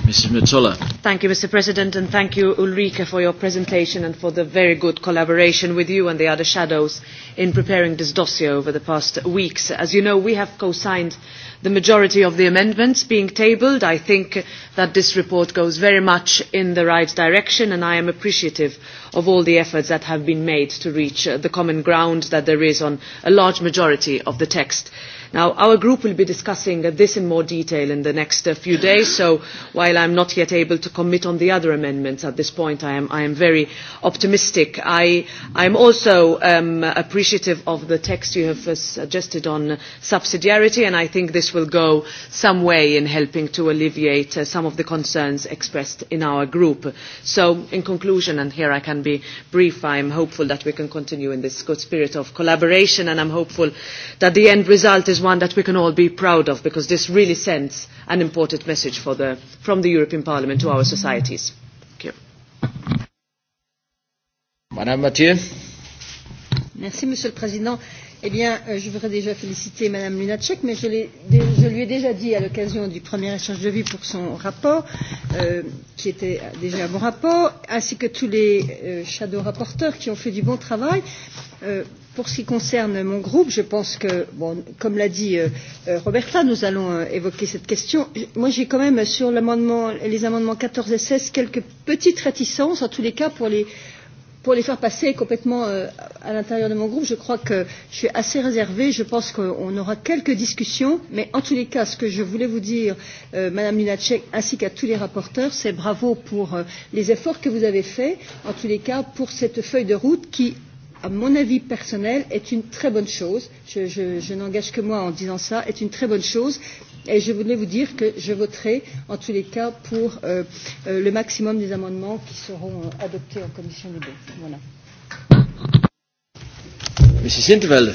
thank you mr president and thank you ulrike for your presentation and for the very good collaboration with you and the other shadows in preparing this dossier over the past weeks. as you know we have co signed the majority of the amendments being tabled. i think that this report goes very much in the right direction and i am appreciative of all the efforts that have been made to reach the common ground that there is on a large majority of the text. Now, our group will be discussing this in more detail in the next uh, few days, so while I'm not yet able to commit on the other amendments at this point, I am, I am very optimistic. I, I'm also um, appreciative of the text you have uh, suggested on subsidiarity, and I think this will go some way in helping to alleviate uh, some of the concerns expressed in our group. So, in conclusion, and here I can be brief, I'm hopeful that we can continue in this good spirit of collaboration, and I'm hopeful that the end result is one that we can all be proud of because this really sends an important message for the, from the European Parliament to our societies. Thank you. Madame Mathieu. Merci, Monsieur le Président. Eh bien, euh, je voudrais déjà féliciter Madame Lunacek, mais je, je lui ai déjà dit à l'occasion du premier échange de vue pour son rapport, euh, qui était déjà un bon rapport, ainsi que tous les euh, shadow rapporteurs qui ont fait du bon travail. Euh, Pour ce qui concerne mon groupe, je pense que, bon, comme l'a dit euh, euh Roberta, nous allons euh, évoquer cette question. Moi, j'ai quand même, sur amendement, les amendements 14 et 16, quelques petites réticences, en tous les cas, pour les, pour les faire passer complètement euh, à l'intérieur de mon groupe. Je crois que je suis assez réservée. Je pense qu'on aura quelques discussions. Mais en tous les cas, ce que je voulais vous dire, euh, Madame Lunacek, ainsi qu'à tous les rapporteurs, c'est bravo pour euh, les efforts que vous avez faits, en tous les cas, pour cette feuille de route qui, à mon avis personnel, est une très bonne chose. Je, je, je n'engage que moi en disant ça, est une très bonne chose. Et je voulais vous dire que je voterai, en tous les cas, pour euh, euh, le maximum des amendements qui seront euh, adoptés en commission de bon. Voilà. Monsieur Sintervelde.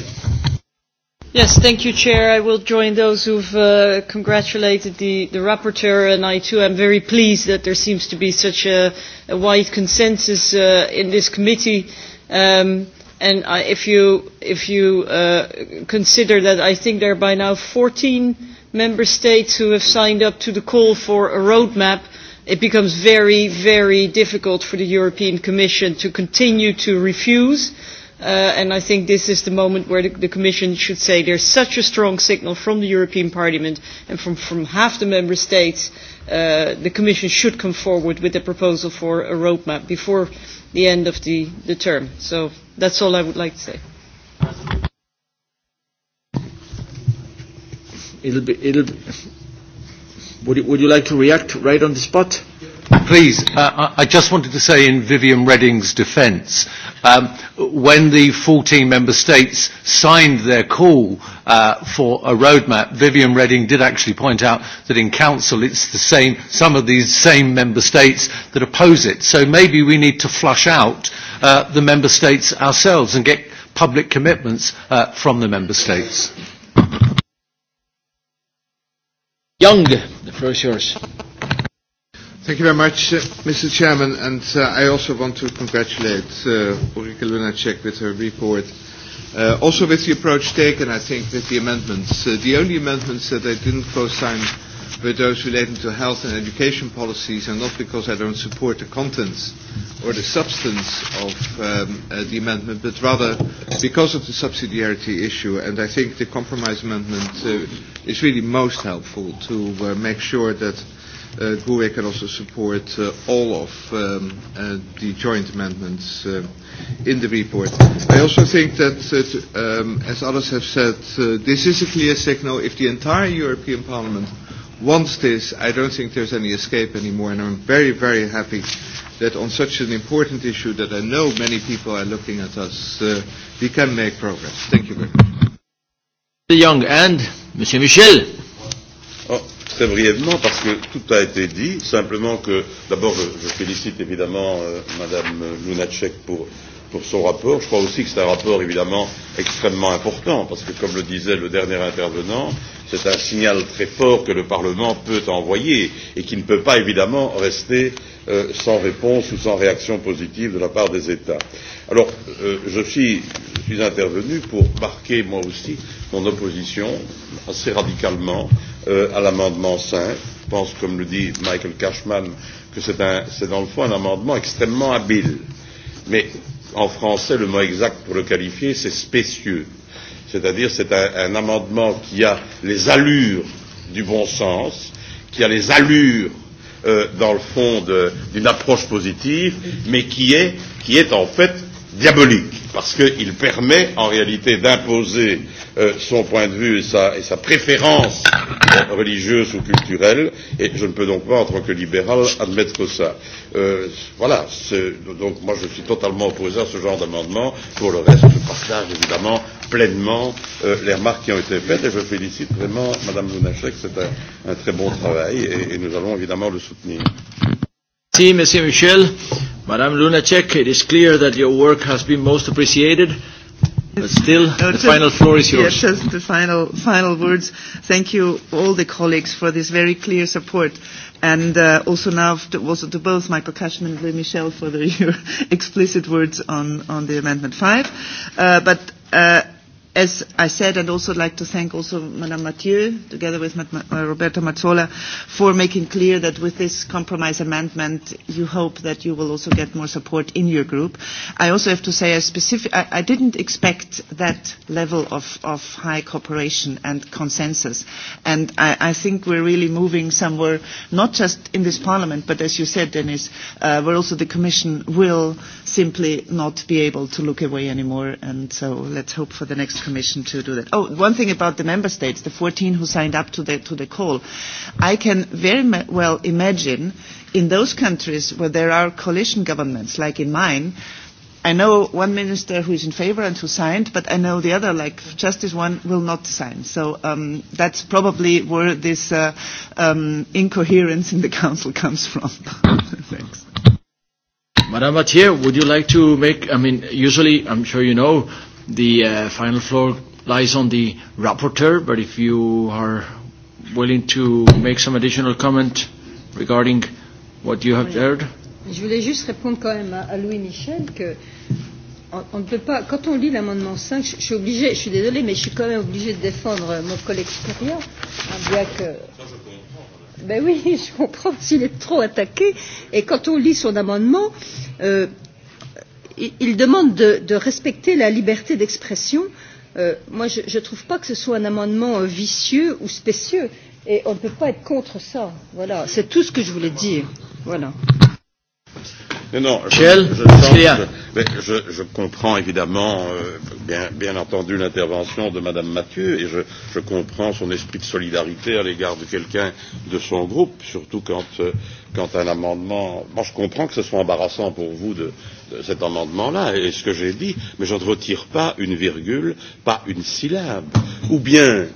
Yes, thank you, Chair. I will join those who've uh, congratulated the, the rapporteur, and I too am very pleased that there seems to be such a, a wide consensus uh, in this committee. Uh, Um, and I, if you, if you uh, consider that I think there are by now 14 member states who have signed up to the call for a roadmap, it becomes very, very difficult for the European Commission to continue to refuse. Uh, and I think this is the moment where the, the Commission should say there's such a strong signal from the European Parliament and from, from half the member states uh, Uh, the Commission should come forward with a proposal for a roadmap before the end of the, the term. So that's all I would like to say. It'll be, it'll be. Would, you, would you like to react right on the spot? Please. Uh, I just wanted to say in Viviane Reding's defense, um, when the 14 member states signed their call uh, for a roadmap, Viviane Reding did actually point out that in council, it's some of these same member states that oppose it. So maybe we need to flush out uh, the member states ourselves and get public commitments from the member states. Young, the floor is yours. Thank you. Thank you very much, uh, Mr. Chairman. And uh, I also want to congratulate uh, Ulrike Lunacek with her report. Uh, also with the approach taken, I think, with the amendments. Uh, the only amendments that I didn't co-sign were those relating to health and education policies, and not because I don't support the contents or the substance of um, uh, the amendment, but rather because of the subsidiarity issue. And I think the compromise amendment uh, is really most helpful to uh, make sure that uh, GUE can also support uh, all of um, uh, the joint amendments uh, in the report. I also think that, uh, to, um, as others have said, uh, this is a clear signal. If the entire European Parliament wants this, I don't think there's any escape anymore, and I'm very, very happy that on such an important issue that I know many people are looking at us, uh, we can make progress. Thank you very much. Mr. Young and Mr. Michel très brièvement parce que tout a été dit, simplement que d'abord je, je félicite évidemment euh, Madame Lunacek pour, pour son rapport. Je crois aussi que c'est un rapport évidemment extrêmement important parce que comme le disait le dernier intervenant, c'est un signal très fort que le Parlement peut envoyer et qui ne peut pas évidemment rester euh, euh, sans réponse ou sans réaction positive de la part des États. Alors, euh, je, suis, je suis intervenu pour marquer moi aussi mon opposition assez radicalement euh, à l'amendement 5. Je pense, comme le dit Michael Cashman, que c'est, un, c'est dans le fond un amendement extrêmement habile. Mais en français, le mot exact pour le qualifier, c'est spécieux. C'est-à-dire, c'est un, un amendement qui a les allures du bon sens, qui a les allures euh, dans le fond d'une approche positive, mais qui est, qui est en fait diabolique parce qu'il permet en réalité d'imposer euh, son point de vue et sa, et sa préférence religieuse ou culturelle, et je ne peux donc pas, en tant que libéral, admettre ça. Euh, voilà, donc moi je suis totalement opposé à ce genre d'amendement. Pour le reste, je partage évidemment pleinement euh, les remarques qui ont été faites et je félicite vraiment Madame Lunachek, c'est un, un très bon travail et, et nous allons évidemment le soutenir. Merci, Monsieur Michel. Madame Lunacek, it is clear that your work has been most appreciated. But still, no, the final floor is yours. Yes, just the final, final words. Thank you, all the colleagues, for this very clear support. And uh, also now to, also to both Michael Cashman and Louis Michel for the, your explicit words on, on the Amendment 5. Uh, but... Uh, As I said, I'd also like to thank also Madame Mathieu, together with uh, Roberto Metsola, for making clear that with this compromise amendment, you hope that you will also get more support in your group. I also have to say a specific... I didn't expect that level of high cooperation and consensus, and I think we're really moving somewhere, not just in this parliament, but as you said, Dennis, uh, where also the commission will simply not be able to look away anymore. And so let's hope for the next commission to do that. Oh, one thing about the member states, the 14 who signed up to the, to the call. I can very ma- well imagine in those countries where there are coalition governments, like in mine, I know one minister who is in favor and who signed, but I know the other, like Justice One, will not sign. So um, that's probably where this uh, um, incoherence in the Council comes from. Thanks. Madame Mathieu, would you like to make, I mean, usually, I'm sure you know, the uh, final floor lies on the rapporteur, but if you are willing to make some additional comment regarding what you have heard. Je voulais juste répondre quand même à, à Louis Michel que on ne peut pas quand on lit l'amendement 5, je, je suis obligé, je suis désolé, mais je suis quand même obligé de défendre mon collègue supérieur, bien que Ben oui, je comprends s'il est trop attaqué. Et quand on lit son amendement, euh, il, il demande de, de respecter la liberté d'expression. Euh, moi, je ne trouve pas que ce soit un amendement euh, vicieux ou spécieux. Et on ne peut pas être contre ça. Voilà, c'est tout ce que je voulais dire. Voilà. Non, non, je, je, sens, je, je, je comprends évidemment, euh, bien, bien entendu, l'intervention de Madame Mathieu et je, je comprends son esprit de solidarité à l'égard de quelqu'un de son groupe, surtout quand, euh, quand un amendement. Moi, je comprends que ce soit embarrassant pour vous de, de cet amendement-là et ce que j'ai dit, mais je ne retire pas une virgule, pas une syllabe. Ou bien,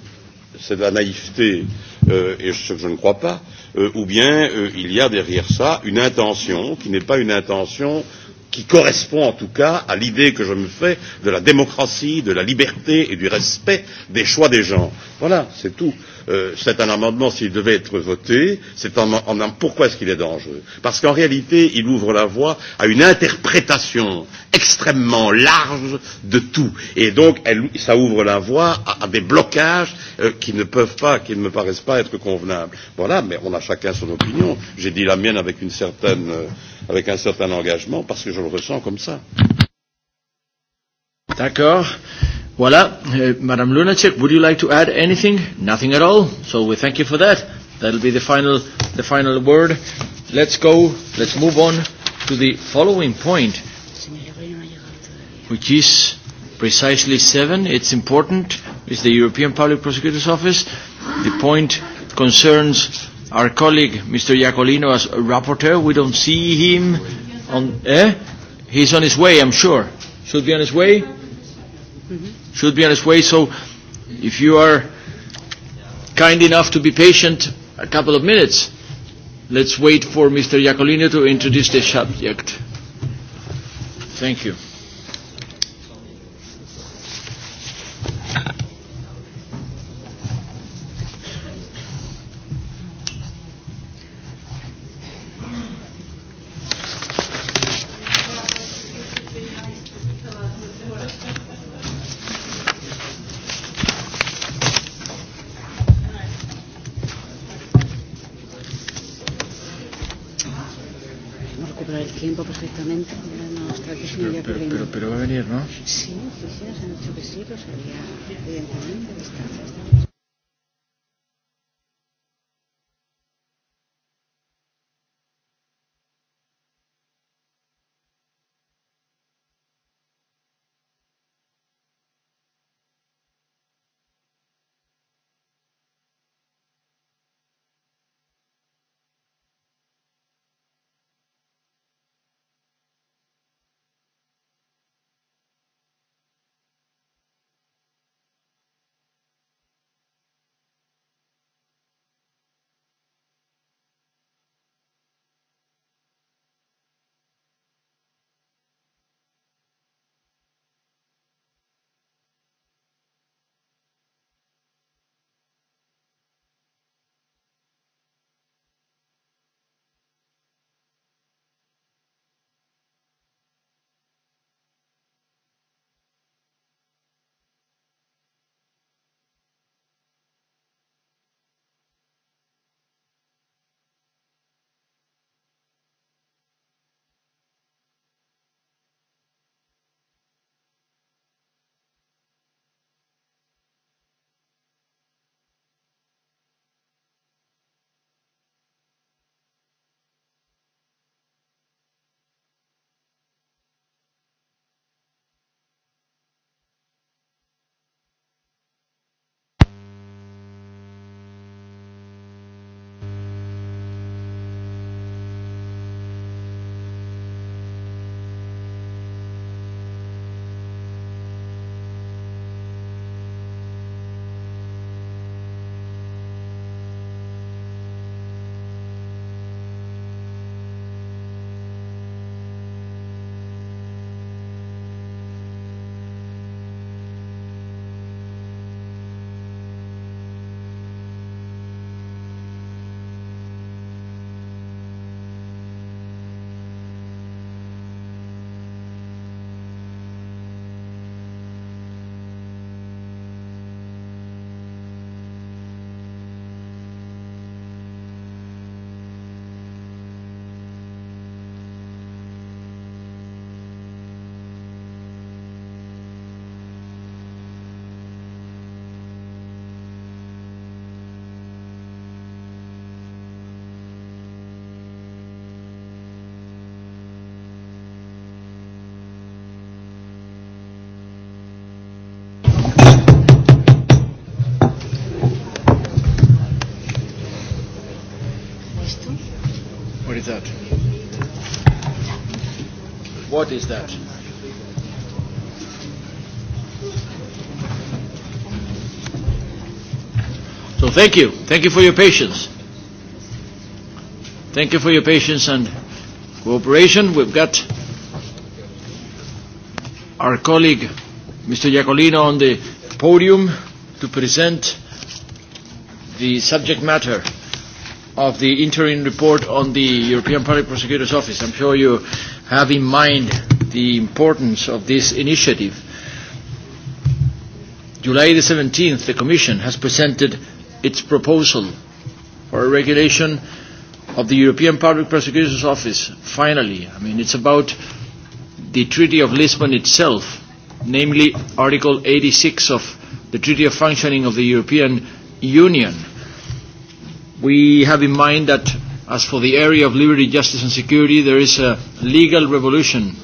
c'est de la naïveté euh, et ce que je ne crois pas euh, ou bien euh, il y a derrière ça une intention qui n'est pas une intention qui correspond en tout cas à l'idée que je me fais de la démocratie, de la liberté et du respect des choix des gens. Voilà, c'est tout. Euh, Euh, c'est un amendement s'il devait être voté c'est un amendement pourquoi est ce qu'il est dangereux? parce qu'en réalité il ouvre la voie à une interprétation extrêmement large de tout et donc elle, ça ouvre la voie à, à des blocages euh, qui ne peuvent pas qui ne me paraissent pas être convenables. voilà mais on a chacun son opinion j'ai dit la mienne avec une certaine euh, avec un certain engagement parce que je le ressens comme ça. D'accord. Voilà, uh, Madam Lunacek, would you like to add anything? Nothing at all. So we thank you for that. That'll be the final, the final word. Let's go, let's move on to the following point, which is precisely seven. It's important. It's the European Public Prosecutor's Office. The point concerns our colleague, Mr. Iacolino, as a rapporteur. We don't see him on, eh? He's on his way, I'm sure. Should be on his way. Mm-hmm should be on its way. So if you are kind enough to be patient a couple of minutes, let's wait for Mr. Iacolino to introduce the subject. Thank you. Thank you. what is that? So thank you. Thank you for your patience. Thank you for your patience and cooperation. We've got our colleague, Mr. Giacolino, on the podium to present the subject matter of the interim report on the European Public Prosecutor's Office. I'm sure you're have in mind the importance of this initiative. July the 17th, the Commission has presented its proposal for a regulation of the European Public Prosecutor's Office, finally. I mean, it's about the Treaty of Lisbon itself, namely Article 86 of the Treaty of Functioning of the European Union. We have in mind that as for the area of liberty, justice, and security, there is a legal revolution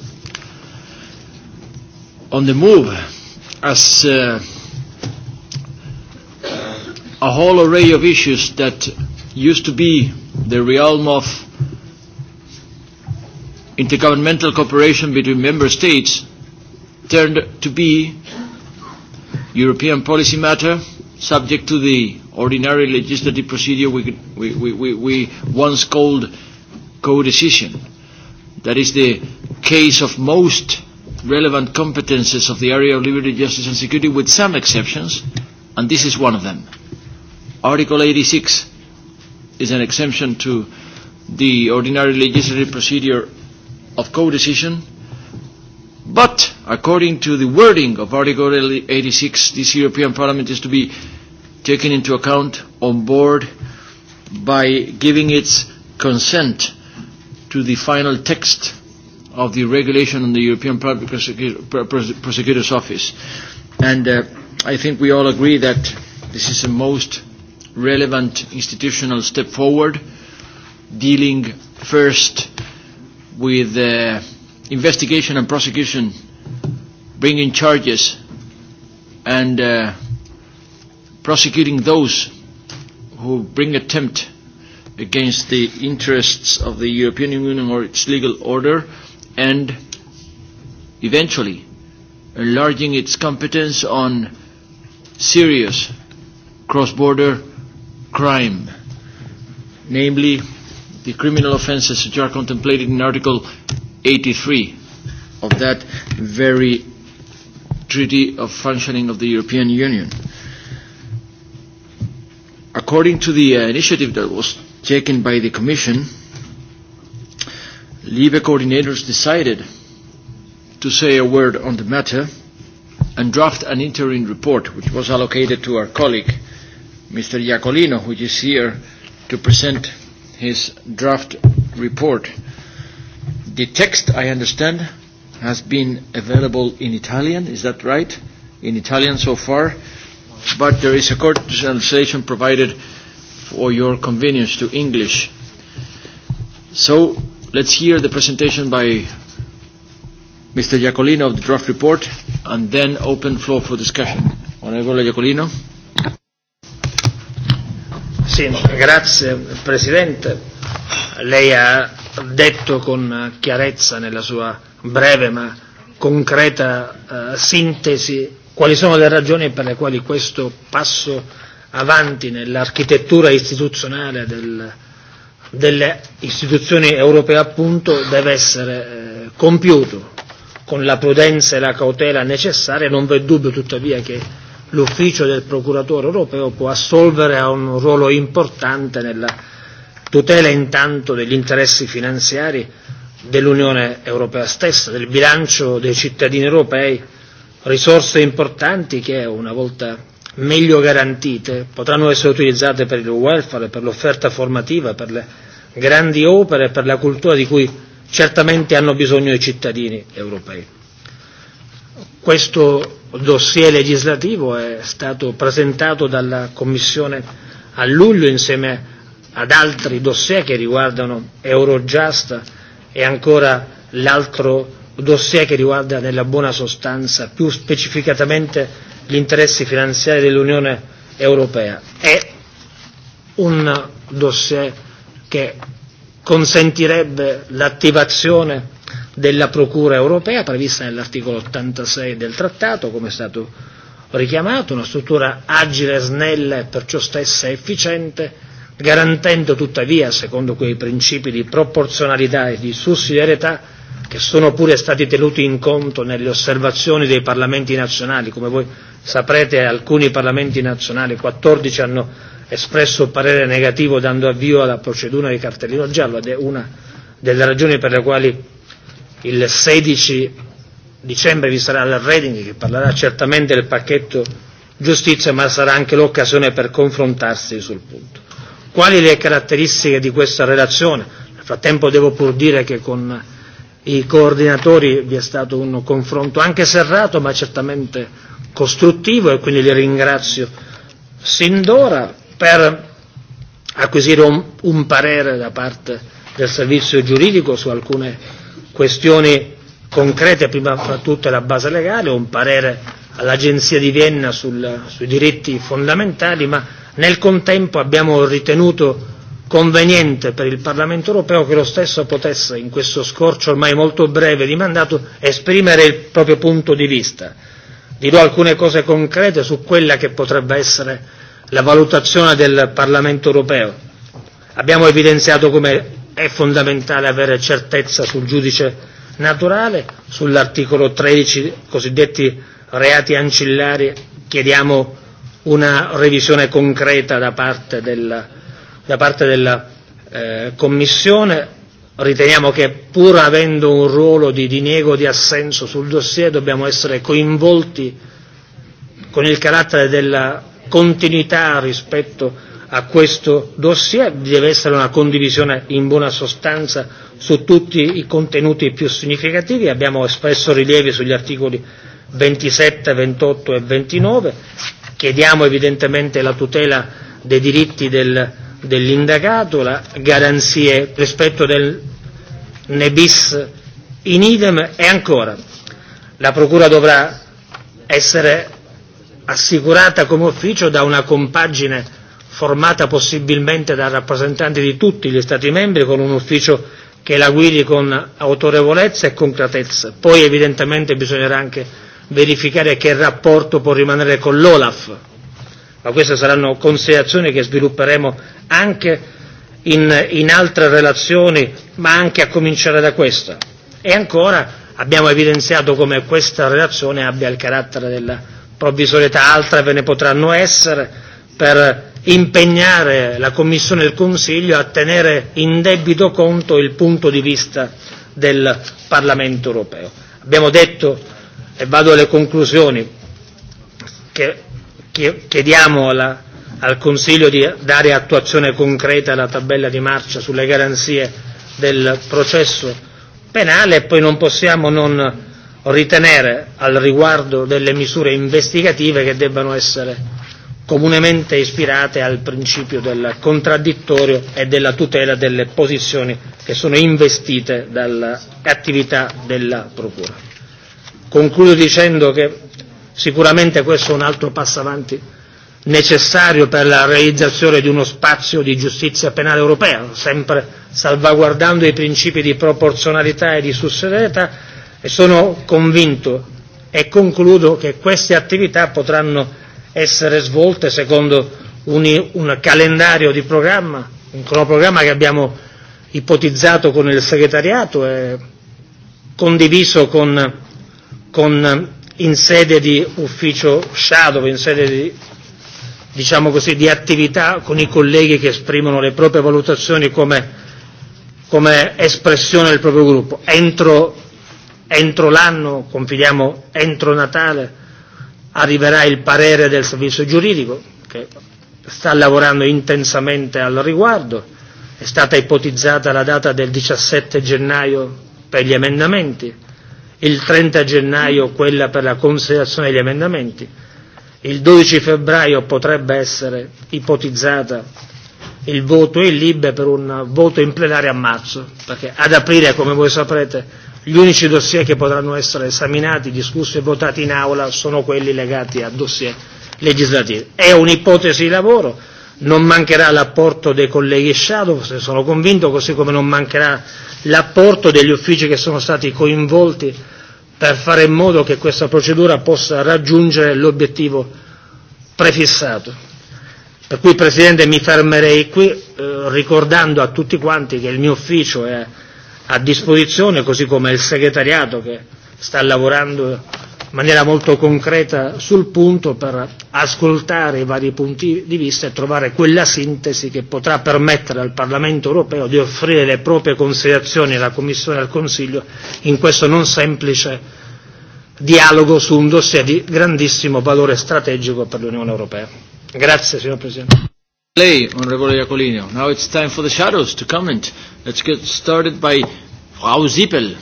on the move as uh, a whole array of issues that used to be the realm of intergovernmental cooperation between member states turned to be European policy matter subject to the ordinary legislative procedure we, could, we, we, we, we once called co-decision. That is the case of most relevant competences of the area of liberty, justice and security with some exceptions, and this is one of them. Article 86 is an exemption to the ordinary legislative procedure of co-decision, but – according to the wording of Article 86, this European Parliament is to be taken into account on board by giving its consent to the final text of the regulation on the European Public Prosecutor's Office. And uh, I think we all agree that this is the most relevant institutional step forward, dealing first with the uh, investigation and prosecution bringing charges and uh, prosecuting those who bring attempt against the interests of the European Union or its legal order and eventually enlarging its competence on serious cross-border crime, namely the criminal offenses which are contemplated in Article 83 of that very treaty of functioning of the European Union. According to the uh, initiative that was taken by the Commission, LIBE coordinators decided to say a word on the matter and draft an interim report, which was allocated to our colleague, Mr. Iacolino, who is here to present his draft report. The text, I understand, has been available in Italian, is that right? In Italian so far. But there is a court translation provided for your convenience to English. So let's hear the presentation by Mr. Giacolino of the draft report and then open floor for discussion. Honorable Giacolino. Sì, grazie Presidente. Lei ha detto con chiarezza nella sua breve ma concreta eh, sintesi quali sono le ragioni per le quali questo passo avanti nell'architettura istituzionale del, delle istituzioni europee appunto deve essere eh, compiuto con la prudenza e la cautela necessaria, non v'è dubbio tuttavia che l'ufficio del procuratore europeo può assolvere a un ruolo importante nella tutela intanto degli interessi finanziari, dell'Unione Europea stessa, del bilancio dei cittadini europei, risorse importanti che una volta meglio garantite potranno essere utilizzate per il welfare, per l'offerta formativa, per le grandi opere, per la cultura di cui certamente hanno bisogno i cittadini europei. Questo dossier legislativo è stato presentato dalla Commissione a luglio insieme ad altri dossier che riguardano Eurojust, e ancora l'altro dossier che riguarda nella buona sostanza più specificatamente gli interessi finanziari dell'Unione Europea. È un dossier che consentirebbe l'attivazione della Procura Europea prevista nell'articolo 86 del trattato, come è stato richiamato, una struttura agile, e snella e perciò stessa e efficiente garantendo tuttavia, secondo quei principi di proporzionalità e di sussidiarietà, che sono pure stati tenuti in conto nelle osservazioni dei parlamenti nazionali, come voi saprete alcuni parlamenti nazionali, 14 hanno espresso parere negativo dando avvio alla procedura di cartellino giallo, ed è una delle ragioni per le quali il 16 dicembre vi sarà la Reding, che parlerà certamente del pacchetto giustizia, ma sarà anche l'occasione per confrontarsi sul punto quali le caratteristiche di questa relazione. Nel frattempo devo pur dire che con i coordinatori vi è stato un confronto anche serrato, ma certamente costruttivo e quindi li ringrazio sin d'ora per acquisire un, un parere da parte del servizio giuridico su alcune questioni concrete, prima fra tutte la base legale, un parere all'Agenzia di Vienna sul, sui diritti fondamentali, ma Nel contempo abbiamo ritenuto conveniente per il Parlamento europeo che lo stesso potesse, in questo scorcio ormai molto breve di mandato, esprimere il proprio punto di vista. Dirò alcune cose concrete su quella che potrebbe essere la valutazione del Parlamento europeo. Abbiamo evidenziato come è fondamentale avere certezza sul giudice naturale, sull'articolo 13 cosiddetti reati ancillari chiediamo una revisione concreta da parte della, da parte della eh, Commissione. Riteniamo che pur avendo un ruolo di diniego di assenso sul dossier dobbiamo essere coinvolti con il carattere della continuità rispetto a questo dossier, deve essere una condivisione in buona sostanza su tutti i contenuti più significativi, abbiamo espresso rilievi sugli articoli 27, 28 e 29 chiediamo evidentemente la tutela dei diritti del, dell'indagato, la garanzie rispetto del nebis in idem e ancora la procura dovrà essere assicurata come ufficio da una compagine formata possibilmente da rappresentanti di tutti gli Stati membri con un ufficio che la guidi con autorevolezza e concretezza. Poi evidentemente bisognerà anche verificare che rapporto può rimanere con l'Olaf, ma queste saranno considerazioni che svilupperemo anche in, in altre relazioni, ma anche a cominciare da questa. E ancora abbiamo evidenziato come questa relazione abbia il carattere della provvisorietà, altre ve ne potranno essere per impegnare la Commissione e il Consiglio a tenere in debito conto il punto di vista del Parlamento europeo. Abbiamo detto e vado alle conclusioni che chiediamo alla, al Consiglio di dare attuazione concreta alla tabella di marcia sulle garanzie del processo penale e poi non possiamo non ritenere al riguardo delle misure investigative che debbano essere comunemente ispirate al principio del contraddittorio e della tutela delle posizioni che sono investite dall'attività della Procura concludo dicendo che sicuramente questo è un altro passo avanti necessario per la realizzazione di uno spazio di giustizia penale europea, sempre salvaguardando i principi di proporzionalità e di sussidiarietà e sono convinto e concludo che queste attività potranno essere svolte secondo un, un calendario di programma, un cronoprogramma che abbiamo ipotizzato con il segretariato e condiviso con con, eh, in sede di ufficio shadow, in sede di, diciamo così, di attività con i colleghi che esprimono le proprie valutazioni come, come espressione del proprio gruppo. Entro, entro l'anno, confidiamo entro Natale, arriverà il parere del servizio giuridico che sta lavorando intensamente al riguardo. È stata ipotizzata la data del 17 gennaio per gli emendamenti il 30 gennaio quella per la considerazione degli emendamenti, il 12 febbraio potrebbe essere ipotizzata il voto in Libia per un voto in plenaria a marzo, perché ad aprile, come voi saprete, gli unici dossier che potranno essere esaminati, discussi e votati in aula sono quelli legati a dossier legislativi. È un'ipotesi di lavoro, non mancherà l'apporto dei colleghi Shadow, se sono convinto, così come non mancherà l'apporto degli uffici che sono stati coinvolti per fare in modo che questa procedura possa raggiungere l'obiettivo prefissato. Per cui, Presidente, mi fermerei qui eh, ricordando a tutti quanti che il mio ufficio è a disposizione, così come il segretariato che sta lavorando in maniera molto concreta sul punto per ascoltare i vari punti di vista e trovare quella sintesi che potrà permettere al Parlamento europeo di offrire le proprie considerazioni alla Commissione e al Consiglio in questo non semplice dialogo su un dossier di grandissimo valore strategico per l'Unione europea. Grazie, signor Presidente. Lei, onorevole Iacolino, now it's time for the shadows to comment. Let's get started by Frau Siepel.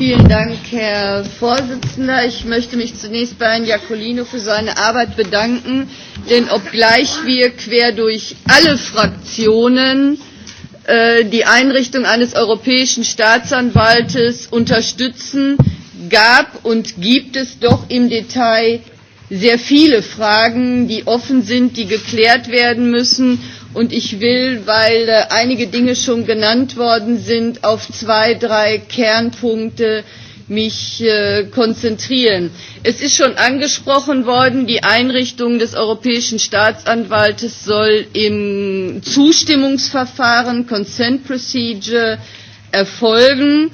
Vielen Dank, Herr Vorsitzender. Ich möchte mich zunächst bei Herrn Jacolino für seine Arbeit bedanken, denn obgleich wir quer durch alle Fraktionen äh, die Einrichtung eines europäischen Staatsanwaltes unterstützen, gab und gibt es doch im Detail sehr viele Fragen, die offen sind, die geklärt werden müssen. Und ich will, weil äh, einige Dinge schon genannt worden sind, auf zwei, drei Kernpunkte mich äh, konzentrieren. Es ist schon angesprochen worden, die Einrichtung des Europäischen Staatsanwaltes soll im Zustimmungsverfahren Consent Procedure erfolgen. Äh,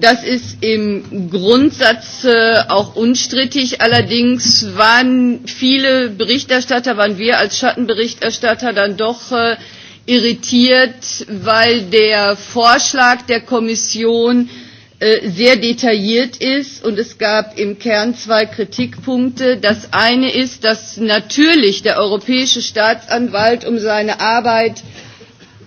Das ist im Grundsatz äh, auch unstrittig. Allerdings waren viele Berichterstatter, waren wir als Schattenberichterstatter dann doch äh, irritiert, weil der Vorschlag der Kommission äh, sehr detailliert ist und es gab im Kern zwei Kritikpunkte. Das eine ist, dass natürlich der europäische Staatsanwalt um seine Arbeit äh,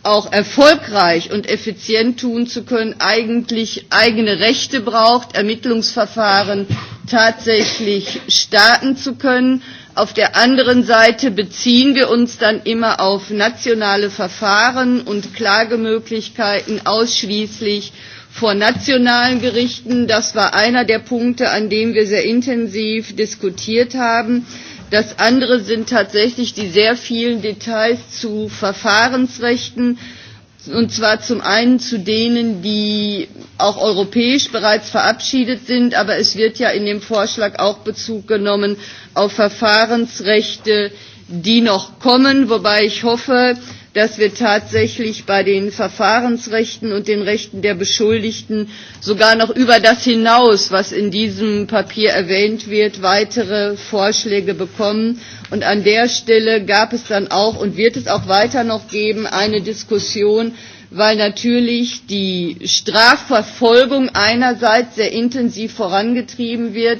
auch erfolgreich und effizient tun zu können, eigentlich eigene Rechte braucht, Ermittlungsverfahren tatsächlich starten zu können. Auf der anderen Seite beziehen wir uns dann immer auf nationale Verfahren und Klagemöglichkeiten ausschließlich vor nationalen Gerichten. Das war einer der Punkte, an dem wir sehr intensiv diskutiert haben. Das andere sind tatsächlich die sehr vielen Details zu Verfahrensrechten. Und zwar zum einen zu denen, die auch europäisch bereits verabschiedet sind, aber es wird ja in dem Vorschlag auch Bezug genommen auf Verfahrensrechte, die noch kommen, wobei ich hoffe, dass wir tatsächlich bei den Verfahrensrechten und den Rechten der Beschuldigten sogar noch über das hinaus, was in diesem Papier erwähnt wird, weitere Vorschläge bekommen. Und an der Stelle gab es dann auch und wird es auch weiter noch geben eine Diskussion, weil natürlich die Strafverfolgung einerseits sehr intensiv vorangetrieben wird,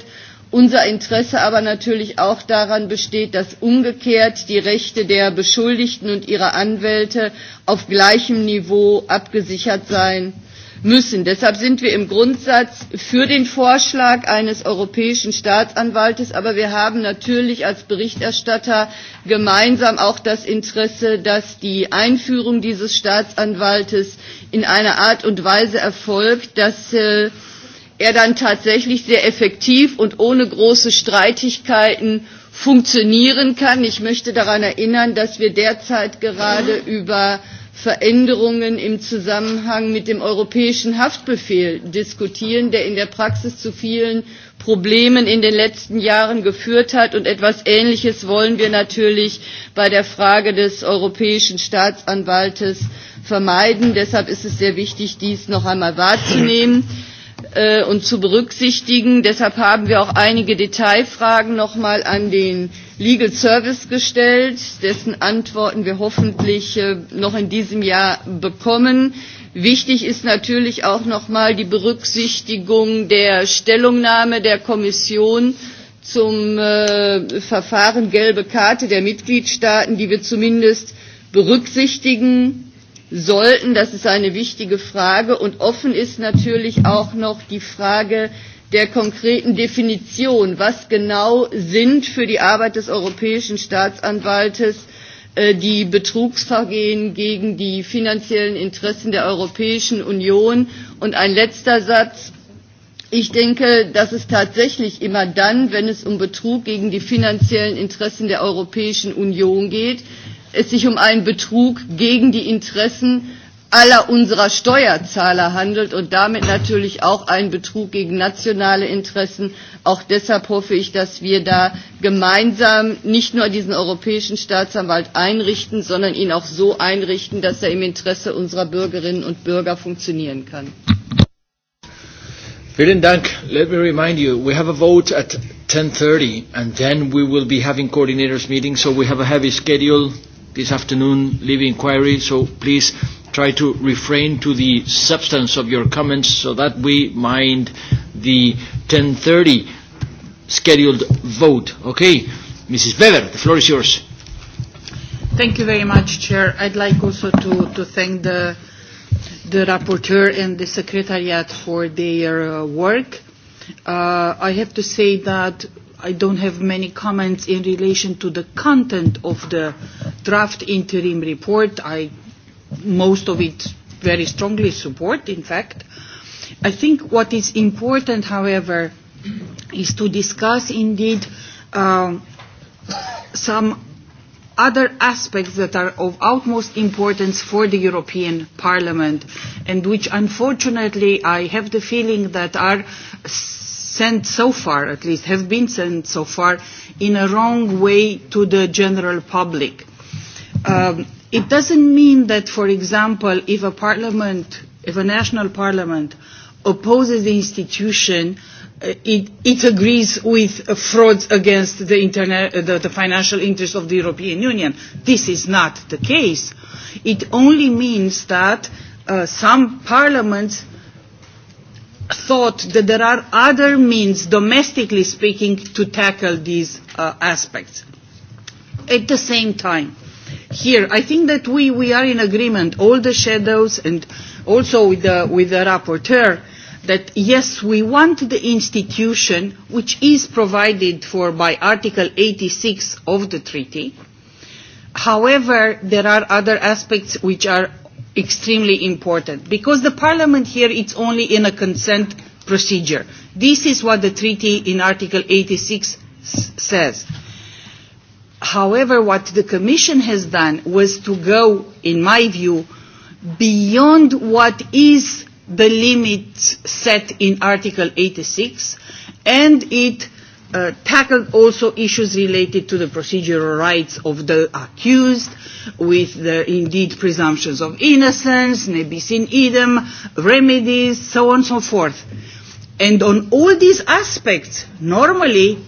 Unser Interesse aber natürlich auch daran besteht, dass umgekehrt die Rechte der Beschuldigten und ihrer Anwälte auf gleichem Niveau abgesichert sein müssen. Deshalb sind wir im Grundsatz für den Vorschlag eines europäischen Staatsanwaltes, aber wir haben natürlich als Berichterstatter gemeinsam auch das Interesse, dass die Einführung dieses Staatsanwaltes in einer Art und Weise erfolgt, dass äh, er dann tatsächlich sehr effektiv und ohne große Streitigkeiten funktionieren kann. Ich möchte daran erinnern, dass wir derzeit gerade über Veränderungen im Zusammenhang mit dem europäischen Haftbefehl diskutieren, der in der Praxis zu vielen Problemen in den letzten Jahren geführt hat. Und etwas Ähnliches wollen wir natürlich bei der Frage des europäischen Staatsanwaltes vermeiden. Deshalb ist es sehr wichtig, dies noch einmal wahrzunehmen. Äh, und zu berücksichtigen. Deshalb haben wir auch einige Detailfragen noch mal an den Legal Service gestellt, dessen Antworten wir hoffentlich äh, noch in diesem Jahr bekommen. Wichtig ist natürlich auch noch mal die Berücksichtigung der Stellungnahme der Kommission zum äh, Verfahren gelbe Karte der Mitgliedstaaten, die wir zumindest berücksichtigen sollten. Das ist eine wichtige Frage. Und offen ist natürlich auch noch die Frage der konkreten Definition, was genau sind für die Arbeit des europäischen Staatsanwaltes äh, die Betrugsvergehen gegen die finanziellen Interessen der Europäischen Union. Und ein letzter Satz. Ich denke, dass es tatsächlich immer dann, wenn es um Betrug gegen die finanziellen Interessen der Europäischen Union geht, es sich um einen Betrug gegen die Interessen aller unserer Steuerzahler handelt und damit natürlich auch einen Betrug gegen nationale Interessen. Auch deshalb hoffe ich, dass wir da gemeinsam nicht nur diesen europäischen Staatsanwalt einrichten, sondern ihn auch so einrichten, dass er im Interesse unserer Bürgerinnen und Bürger funktionieren kann. Vielen Dank. Let me remind you, we have a vote at 10.30 and then we will be having coordinators meeting, so we have a heavy schedule this afternoon leave inquiry, so please try to refrain to the substance of your comments so that we mind the 10.30 scheduled vote. Okay, Mrs. Weber, the floor is yours. Thank you very much, Chair. I'd like also to, to thank the, the rapporteur and the secretariat for their uh, work. Uh, I have to say that I don't have many comments in relation to the content of the draft interim report. I most of it very strongly support, in fact. I think what is important, however, is to discuss indeed uh, some other aspects that are of utmost importance for the European Parliament and which unfortunately I have the feeling that are s- sent so far, at least have been sent so far, in a wrong way to the general public. Um, it doesn't mean that, for example, if a parliament, if a national parliament opposes the institution, uh, it, it agrees with frauds against the, internet, uh, the, the financial interests of the European Union. This is not the case. It only means that uh, some parliaments thought that there are other means, domestically speaking, to tackle these uh, aspects. At the same time, here, I think that we, we are in agreement, all the shadows and also with the, with the rapporteur, that yes, we want the institution, which is provided for by Article 86 of the treaty. However, there are other aspects which are extremely important because the parliament here is only in a consent procedure. This is what the treaty in Article 86 s- says. However, what the commission has done was to go, in my view, beyond what is the limit set in Article 86 and it uh, tackled also issues related to the procedural rights of the accused, with the indeed presumptions of innocence, ne bis in idem, remedies, so on and so forth. And on all these aspects, normally,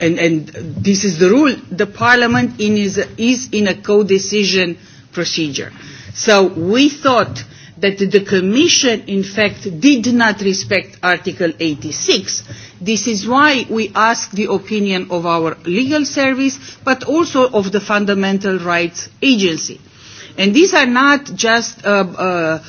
and, and this is the rule, the Parliament in is, is in a co-decision procedure. So we thought that the Commission, in fact, did not respect Article 86. This is why we ask the opinion of our legal service, but also of the Fundamental Rights Agency. And these are not just, uh, uh,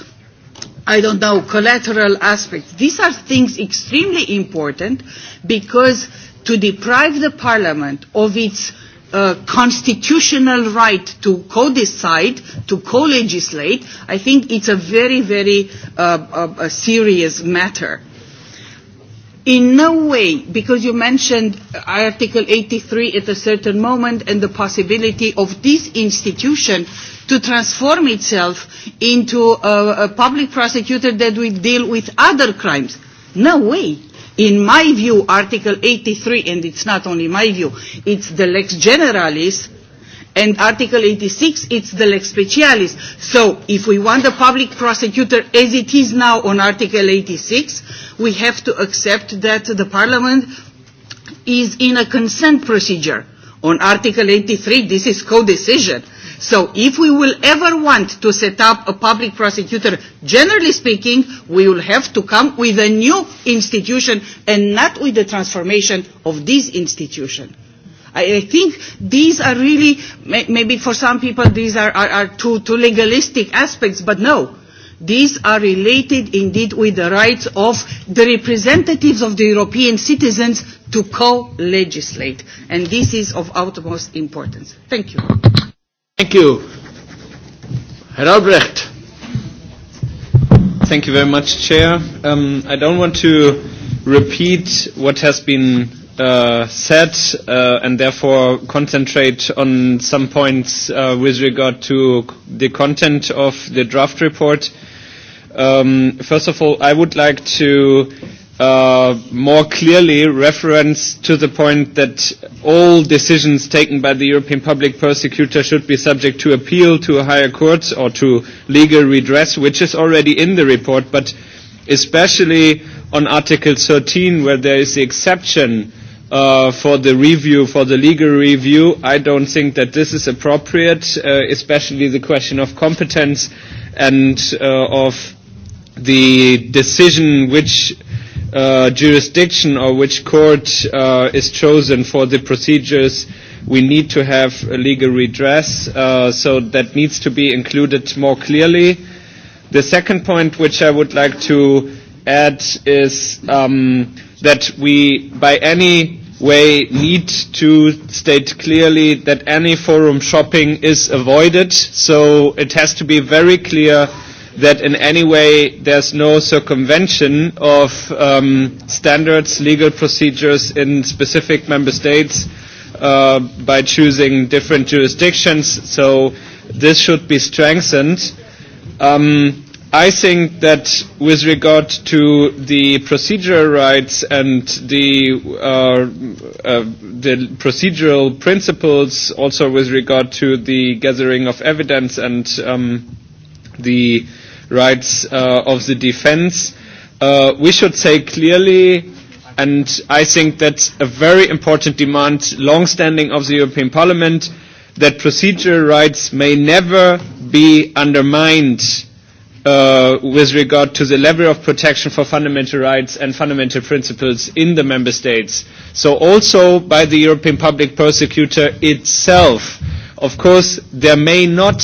I don't know, collateral aspects. These are things extremely important because to deprive the Parliament of its constitutional right to co decide, to co legislate, I think it's a very, very uh, uh, a serious matter. In no way, because you mentioned Article 83 at a certain moment and the possibility of this institution to transform itself into a, a public prosecutor that will deal with other crimes. No way. In my view, Article 83, and it's not only my view, it's the lex generalis, and Article 86, it's the lex specialis. So if we want the public prosecutor as it is now on Article 86, we have to accept that the Parliament is in a consent procedure on Article 83, this is co-decision. So if we will ever want to set up a public prosecutor, generally speaking, we will have to come with a new institution and not with the transformation of this institution. I, I think these are really, may, maybe for some people, these are, are, are two, two legalistic aspects, but no these are related indeed with the rights of the representatives of the European citizens to co-legislate. And this is of utmost importance. Thank you. Thank you. Herr Albrecht. Thank you very much, Chair. Um, I don't want to repeat what has been uh, said uh, and therefore concentrate on some points uh, with regard to the content of the draft report. Uh, um, first of all, I would like to uh, more clearly reference to the point that all decisions taken by the European public prosecutor should be subject to appeal to a higher court or to legal redress, which is already in the report, but especially on Article 13, where there is the exception uh, for the review, for the legal review, I don't think that this is appropriate, uh, especially the question of competence and uh, of the decision which uh, jurisdiction or which court uh, is chosen for the procedures, we need to have a legal redress. Uh, so that needs to be included more clearly. The second point which I would like to add is um, that we, by any way, need to state clearly that any forum shopping is avoided. So it has to be very clear that in any way there's no circumvention of um, standards, legal procedures in specific member states uh, by choosing different jurisdictions. So this should be strengthened. Um, I think that with regard to the procedural rights and the, uh, uh, the procedural principles, also with regard to the gathering of evidence and um, the uh, rights uh, of the defense. Uh, we should say clearly, and I think that's a very important demand, long-standing of the European Parliament, that procedural rights may never be undermined uh, with regard to the level of protection for fundamental rights and fundamental principles in the member states. So also by the European public prosecutor itself. Of course, there may not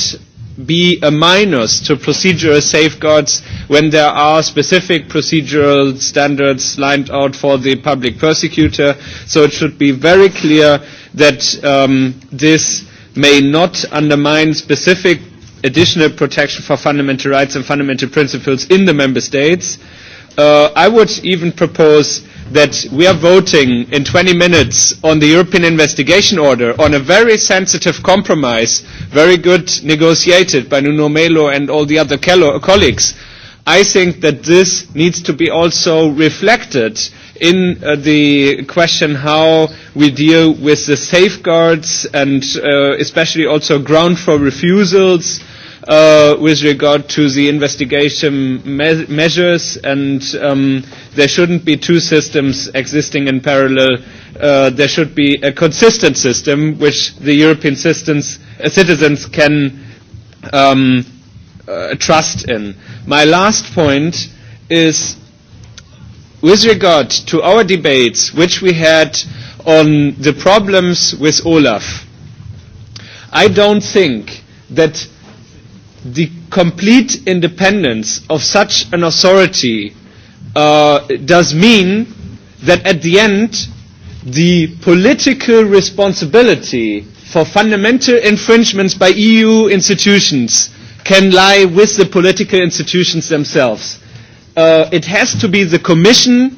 be a minus to procedural safeguards when there are specific procedural standards lined out for the public prosecutor. So it should be very clear that um, this may not undermine specific additional protection for fundamental rights and fundamental principles in the member states. Uh, I would even propose uh, that we are voting in 20 minutes on the European investigation order on a very sensitive compromise, very good negotiated by Nuno Melo and all the other Kello colleagues, I think that this needs to be also reflected in uh, the question how we deal with the safeguards and uh, especially also ground for refusals uh, uh, with regard to the investigation me- measures, and um, there shouldn't be two systems existing in parallel. Uh, there should be a consistent system which the European citizens, uh, citizens can um, uh, trust in. My last point is with regard to our debates, which we had on the problems with Olaf. I don't think that the complete independence of such an authority uh, does mean that at the end, the political responsibility for fundamental infringements by EU institutions can lie with the political institutions themselves. Uh, it has to be the Commission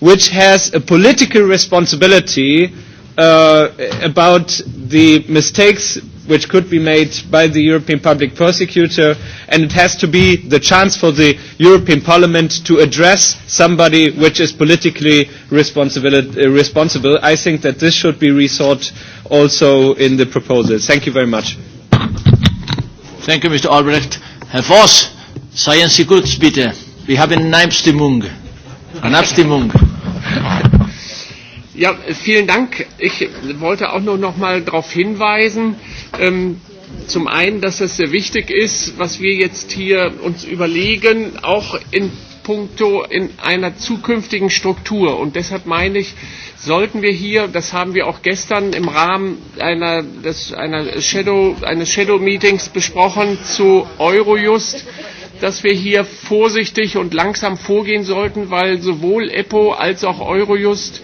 which has a political responsibility uh, about the mistakes which could be made by the European public prosecutor, and it has to be the chance for the European Parliament to address somebody which is politically uh, responsible. I think that this should be resought also in the proposal. Thank you very much. Thank you, Mr. Albrecht. Herr Voss, seien Sie gut, bitte. Wir haben eine Abstimmung. Eine Abstimmung. Ja, vielen Dank. Ich wollte auch nur noch mal darauf hinweisen, ähm, zum einen, dass es sehr wichtig ist, was wir jetzt hier uns überlegen, auch in puncto in einer zukünftigen Struktur. Und deshalb meine ich, sollten wir hier, das haben wir auch gestern im Rahmen einer, des, einer Shadow, eines Shadow-Meetings besprochen zu Eurojust, dass wir hier vorsichtig und langsam vorgehen sollten, weil sowohl EPO als auch Eurojust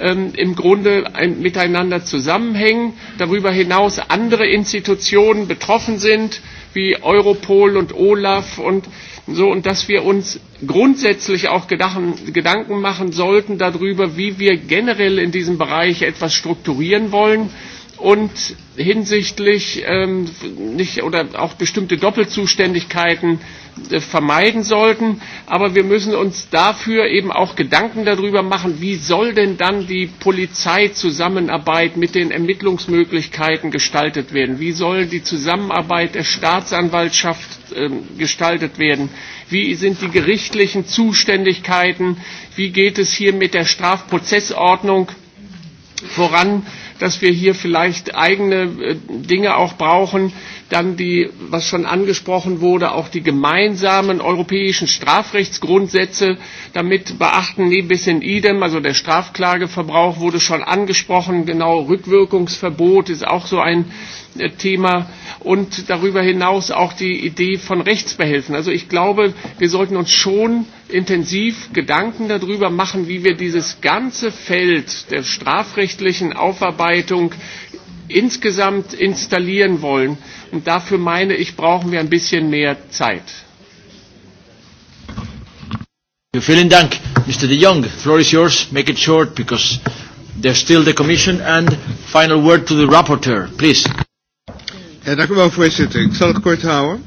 ähm, im Grunde ein, miteinander zusammenhängen, darüber hinaus andere Institutionen betroffen sind, wie Europol und Olaf und so, und dass wir uns grundsätzlich auch Gedanken, Gedanken machen sollten darüber, wie wir generell in diesem Bereich etwas strukturieren wollen und hinsichtlich ähm, nicht oder auch bestimmte Doppelzuständigkeiten Äh, vermeiden sollten. Aber wir müssen uns dafür eben auch Gedanken darüber machen, wie soll denn dann die Polizeizusammenarbeit mit den Ermittlungsmöglichkeiten gestaltet werden? Wie soll die Zusammenarbeit der Staatsanwaltschaft äh, gestaltet werden? Wie sind die gerichtlichen Zuständigkeiten? Wie geht es hier mit der Strafprozessordnung voran, dass wir hier vielleicht eigene äh, Dinge auch brauchen? dann die, was schon angesprochen wurde, auch die gemeinsamen europäischen Strafrechtsgrundsätze damit beachten, neben bis in idem, also der Strafklageverbrauch wurde schon angesprochen, genau Rückwirkungsverbot ist auch so ein äh, Thema und darüber hinaus auch die Idee von Rechtsbehelfen. Also ich glaube, wir sollten uns schon intensiv Gedanken darüber machen, wie wir dieses ganze Feld der strafrechtlichen Aufarbeitung insgesamt installieren wollen. Und dafür meine ich, brauchen wir ein bisschen mehr Zeit. Vielen Dank, Mr. De Jong. The floor is yours. Make it short, because there's still the commission. And final word to the rapporteur, please. Ja, dank u wel, voorzitter. Ik zal het kort houden.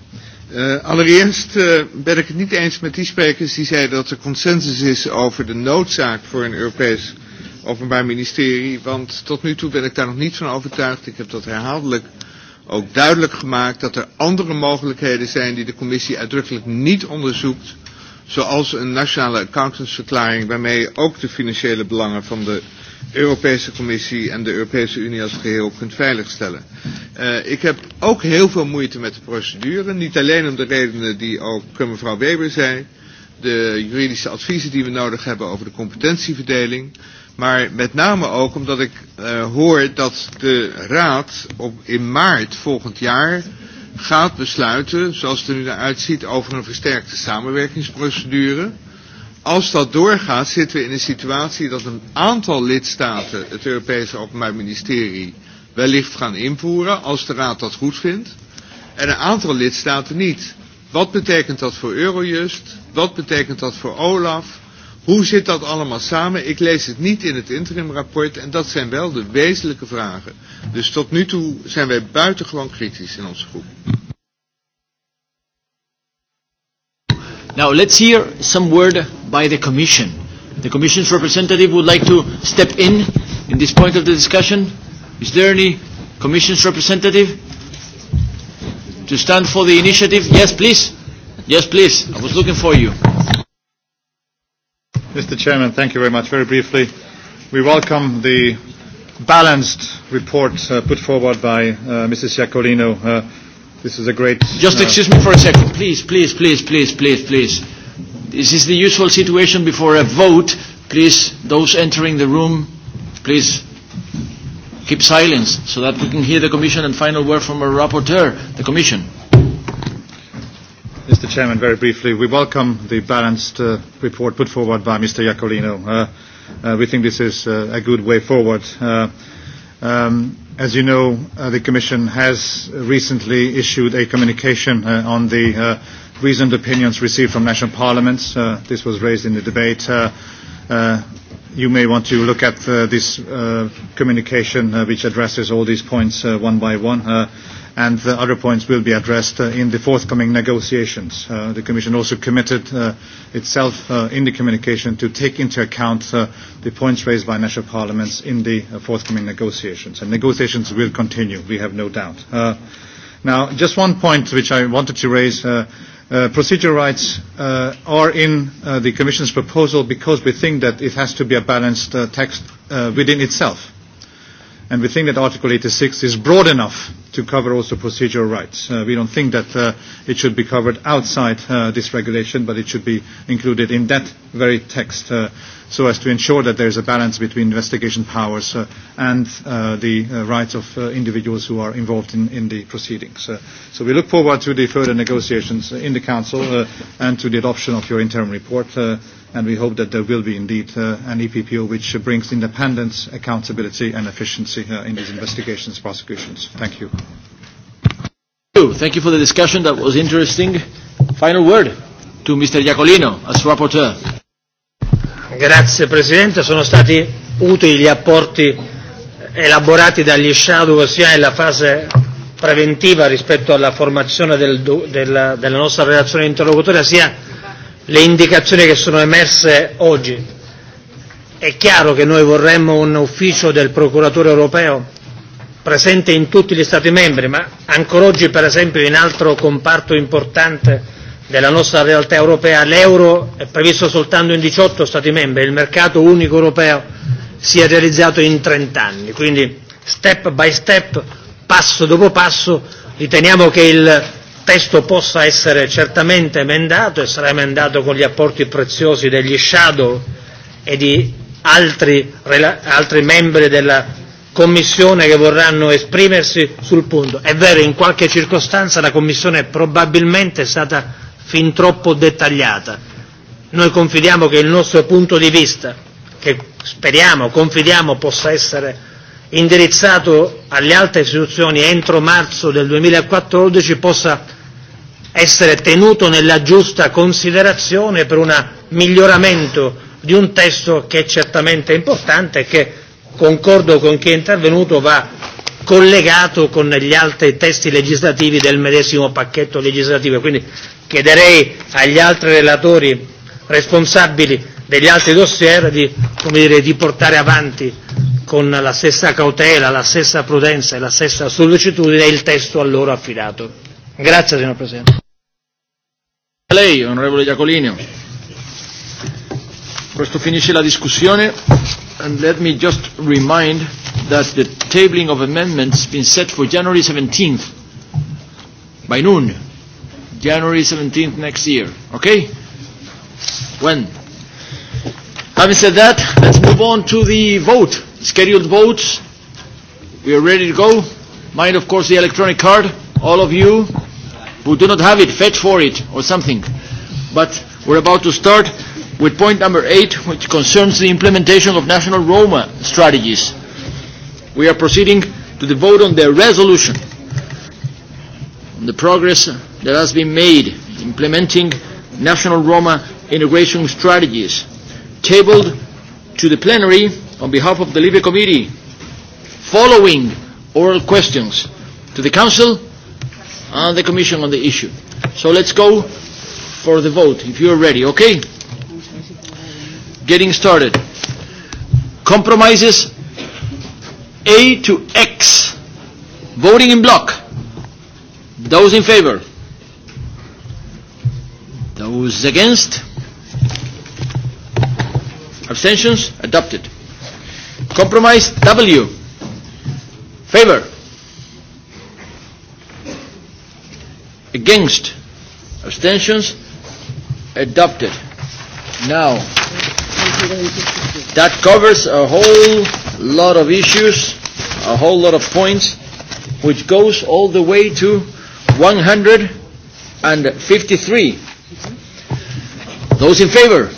Uh, allereerst uh, ben ik het niet eens met die sprekers die zeiden dat er consensus is over de noodzaak voor een Europees Openbaar Ministerie. Want tot nu toe ben ik daar nog niet van overtuigd. Ik heb dat herhaaldelijk ook duidelijk gemaakt dat er andere mogelijkheden zijn die de commissie uitdrukkelijk niet onderzoekt. Zoals een nationale accountantsverklaring waarmee ook de financiële belangen van de Europese Commissie en de Europese Unie als geheel kunt veiligstellen. Uh, ik heb ook heel veel moeite met de procedure. Niet alleen om de redenen die ook eh, mevrouw Weber zei. De juridische adviezen die we nodig hebben over de competentieverdeling. Maar met name ook omdat ik uh, hoor dat de raad op, in maart volgend jaar gaat besluiten, zoals het er nu naar uitziet, over een versterkte samenwerkingsprocedure. Als dat doorgaat zitten we in een situatie dat een aantal lidstaten het Europese Openbaar Ministerie wellicht gaan invoeren, als de raad dat goed vindt, en een aantal lidstaten niet. Wat betekent dat voor Eurojust? Wat betekent dat voor Olaf? Hoe zit dat allemaal samen? Ik lees het niet in het interimrapport en dat zijn wel de wezenlijke vragen. Dus tot nu toe zijn wij buitengewoon kritisch in onze groep. Now let's hear some word by the commission. The commission's representative would like to step in in this point of the discussion. Is there any commission's representative to stand for the initiative? Yes, please. Yes, please. I was looking for you. Mr. Chairman, thank you very much. Very briefly, we welcome the balanced report uh, put forward by uh, Mrs. Iacolino. Uh, this is a great. Just uh, excuse me for a second. Please, please, please, please, please, please. This is the usual situation before a vote. Please, those entering the room, please keep silence so that we can hear the Commission and final word from our rapporteur, the Commission. Mr. Chairman, very briefly, we welcome the balanced uh, report put forward by Mr. Iacolino. Uh, uh, we think this is uh, a good way forward. Uh, um, as you know, uh, the Commission has recently issued a communication uh, on the uh, reasoned opinions received from national parliaments. Uh, this was raised in the debate. Uh, uh, you may want to look at uh, this uh, communication, uh, which addresses all these points uh, one by one. Uh, and the other points will be addressed uh, in the forthcoming negotiations. Uh, the Commission also committed uh, itself uh, in the communication to take into account uh, the points raised by national parliaments in the uh, forthcoming negotiations. And negotiations will continue, we have no doubt. Uh, now, just one point which I wanted to raise. Uh, uh, procedure rights uh, are in uh, the Commission's proposal because we think that it has to be a balanced uh, text uh, within itself and we think that article 86 is broad enough to cover also procedural rights. Uh, we don't think that uh, it should be covered outside uh, this regulation, but it should be included in that very text uh, so as to ensure that there is a balance between investigation powers uh, and uh, the uh, rights of uh, individuals who are involved in, in the proceedings. Uh, so we look forward to the further negotiations in the council uh, and to the adoption of your interim report. Uh, and we hope that there will be indeed uh, an EPPO which uh, brings independence, accountability and efficiency uh, in these investigations and prosecutions. Thank you. Thank you. Thank you for the discussion. That was interesting. Final word to Mr. Iacolino as rapporteur. Grazie Presidente, sono stati utili gli apporti elaborati dagli shadow sia nella fase preventiva rispetto alla formazione del, della, della nostra relazione interlocutoria sia le indicazioni che sono emerse oggi. È chiaro che noi vorremmo un ufficio del procuratore europeo presente in tutti gli Stati membri, ma ancora oggi, per esempio, in altro comparto importante della nostra realtà europea, l'euro è previsto soltanto in 18 Stati membri, il mercato unico europeo si è realizzato in 30 anni. Quindi, step by step, passo dopo passo, riteniamo che il testo possa essere certamente emendato e sarà emendato con gli apporti preziosi degli shadow e di altri, altri membri della Commissione che vorranno esprimersi sul punto. È vero, in qualche circostanza la Commissione è probabilmente stata fin troppo dettagliata. Noi confidiamo che il nostro punto di vista, che speriamo, confidiamo possa essere indirizzato alle altre istituzioni entro marzo del 2014 possa essere tenuto nella giusta considerazione per un miglioramento di un testo che è certamente importante e che, concordo con chi è intervenuto, va collegato con gli altri testi legislativi del medesimo pacchetto legislativo. Quindi chiederei agli altri relatori responsabili degli altri dossier di, come dire, di portare avanti con la stessa cautela, la stessa prudenza e la stessa sollecitudine il testo a loro affidato. Grazie signor Presidente. A lei, onorevole Iacolino. Questo finisce la discussione. And let me just remind that the tabling of amendments been set for January 17th. By noon. January 17th next year. Okay? When? Having said that, let's move on to the vote scheduled votes. We are ready to go. Mind, of course, the electronic card. All of you who do not have it, fetch for it or something. But we're about to start with point number eight, which concerns the implementation of national Roma strategies. We are proceeding to the vote on the resolution on the progress that has been made implementing national Roma integration strategies. Tabled to the plenary on behalf of the Libya Committee, following oral questions to the Council and the Commission on the issue. So let's go for the vote, if you're ready, okay? Getting started. Compromises A to X. Voting in block. Those in favor. Those against. Abstentions? Adopted compromise W favor against abstentions adopted now that covers a whole lot of issues a whole lot of points which goes all the way to 153 those in favor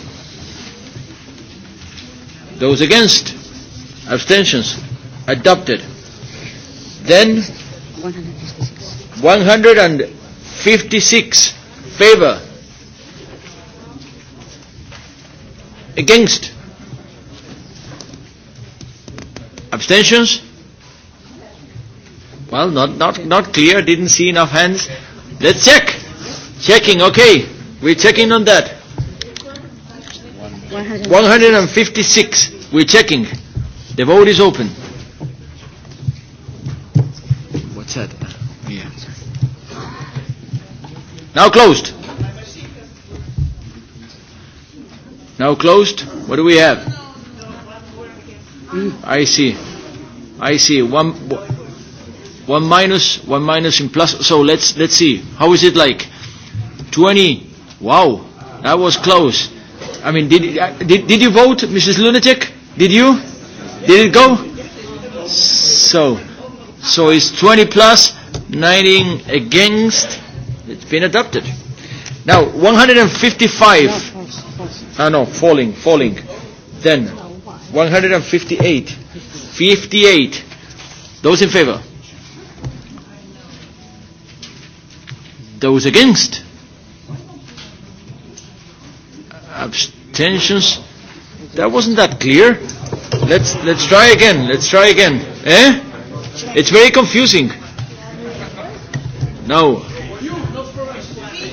those against abstentions adopted then 156 favor against abstentions well not not not clear didn't see enough hands let's check checking okay we're checking on that 156 we're checking The vote is open. What's that? Yeah. Now closed. Now closed. What do we have? I see. I see. One, one minus, one minus in plus. So let's, let's see. How is it like? 20. Wow. That was close. I mean, did, did, did you vote, Mrs. Lunatic? Did you? Yes. Did it go? So, so it's 20 plus, 19 against, it's been adopted. Now, 155, ah no, falling, falling. Then, 158, 58, those in favor? Those against? Abstentions? That wasn't that clear let's let's try again. Let's try again. Eh? It's very confusing. No.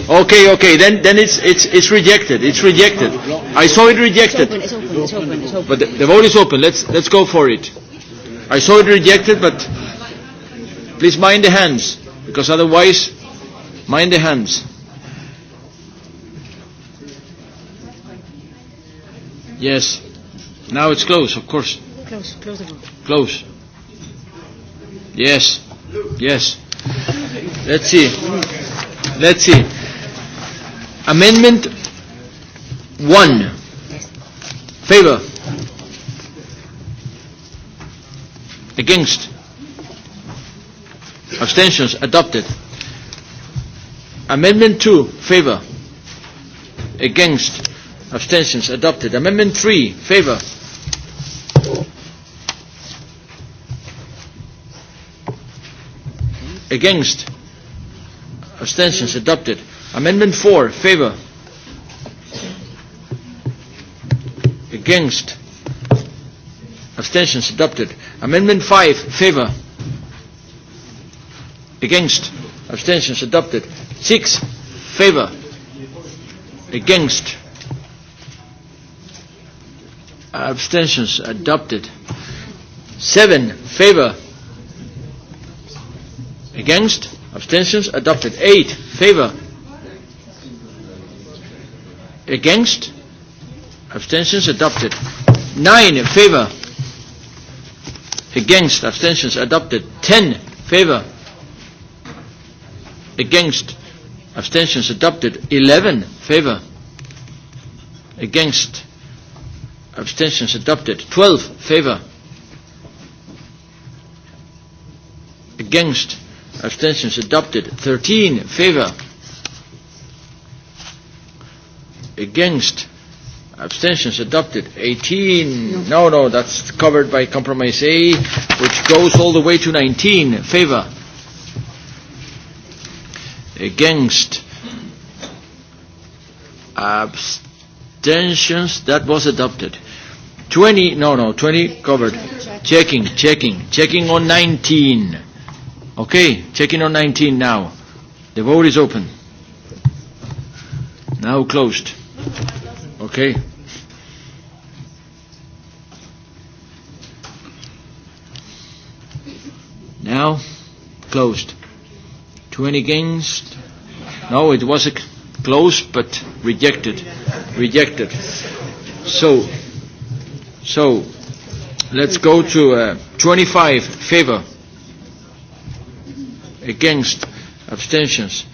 Okay, okay. Then then it's it's it's rejected. It's rejected. I saw it rejected. But the, the vote is open. Let's let's go for it. I saw it rejected, but please mind the hands, because otherwise, mind the hands. Yes. Now it's close, of course. Close, close the vote. Close. Yes, yes. Let's see. Let's see. Amendment 1. Favor. Against. Abstentions. Adopted. Amendment 2. Favor. Against. Abstentions. Adopted. Amendment 3. Favor. Against. Abstentions. Adopted. Amendment 4. Favor. Against. Abstentions. Adopted. Amendment 5. Favor. Against. Abstentions. Adopted. 6. Favor. Against. Abstentions. Adopted. 7. Favor. Against? Abstentions? Adopted. Eight. Favor? Against? Abstentions? Adopted. Nine. Favor? Against? Abstentions? Adopted. Ten. Favor? Against? Abstentions? Adopted. Eleven. Favor? Against? Abstentions? Adopted. Twelve. Favor? Against? Abstentions adopted. 13, favor. Against. Abstentions adopted. 18, no. no, no, that's covered by compromise A, which goes all the way to 19, favor. Against. Abstentions, that was adopted. 20, no, no, 20, covered. Checking, checking, checking on 19. Okay, checking on 19 now. The vote is open. Now closed. Okay. Now closed. 20 against. No, it was a close but rejected. Rejected. So, so let's go to uh, 25 favor against abstentions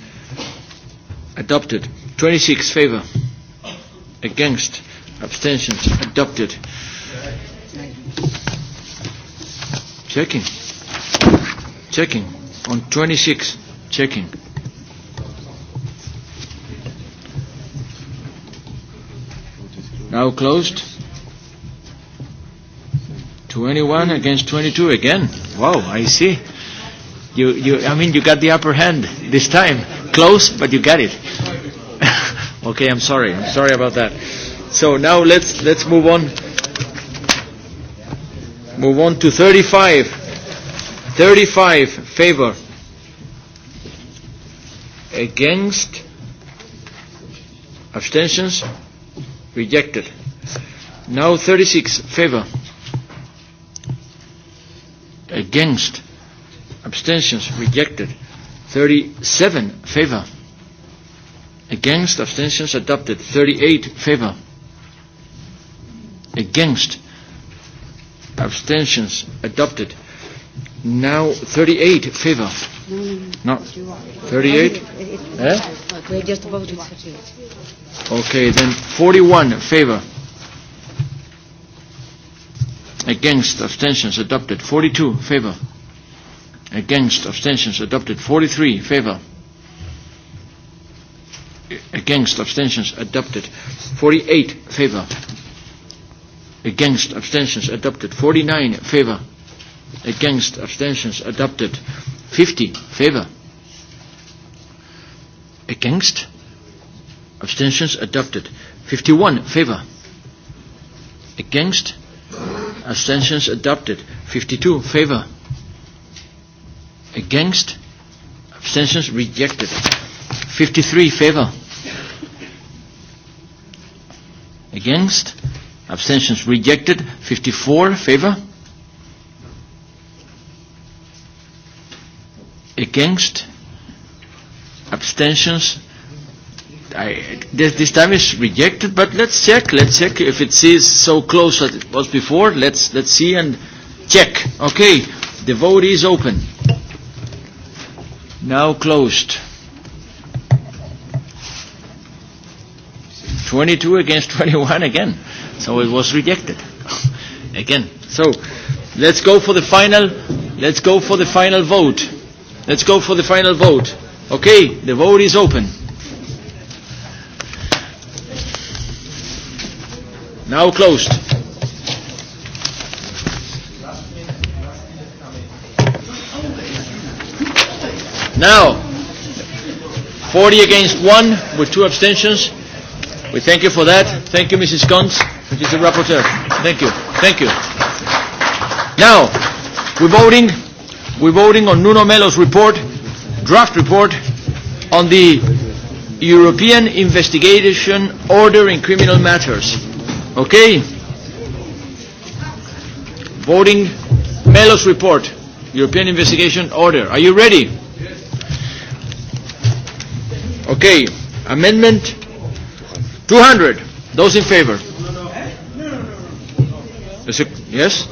adopted 26 favor against abstentions adopted checking checking on 26 checking now closed 21 against 22 again wow i see you, you, I mean, you got the upper hand this time. Close, but you got it. okay, I'm sorry. I'm sorry about that. So now let's let's move on. Move on to 35. 35 favor against abstentions rejected. Now 36 favor against abstentions rejected 37 favor against abstentions adopted 38 favor against abstentions adopted now 38 favor mm. no 38 eh? okay then 41 favor against abstentions adopted 42 favor Against, abstentions adopted. 43, favor. Against, abstentions adopted. 48, favor. Against, abstentions adopted. 49, favor. Against, abstentions adopted. 50, favor. Against, abstentions adopted. 51, favor. Against, abstentions adopted. 52, favor against abstentions rejected 53 favor against abstentions rejected 54 favor against abstentions I, this, this time is rejected but let's check let's check if it is so close as it was before let's let's see and check okay the vote is open now closed. 22 against 21 again. So it was rejected. again. So let's go for the final let's go for the final vote. Let's go for the final vote. Okay, the vote is open. Now closed. Now, 40 against 1 with two abstentions. We thank you for that. Thank you, Mrs. Guns. She's the rapporteur. Thank you. Thank you. Now, we're voting. We're voting on Nuno Melo's report, draft report, on the European Investigation Order in Criminal Matters. Okay? Voting Melo's report, European Investigation Order. Are you ready? Okay, amendment 200. Those in favor? Is it, yes?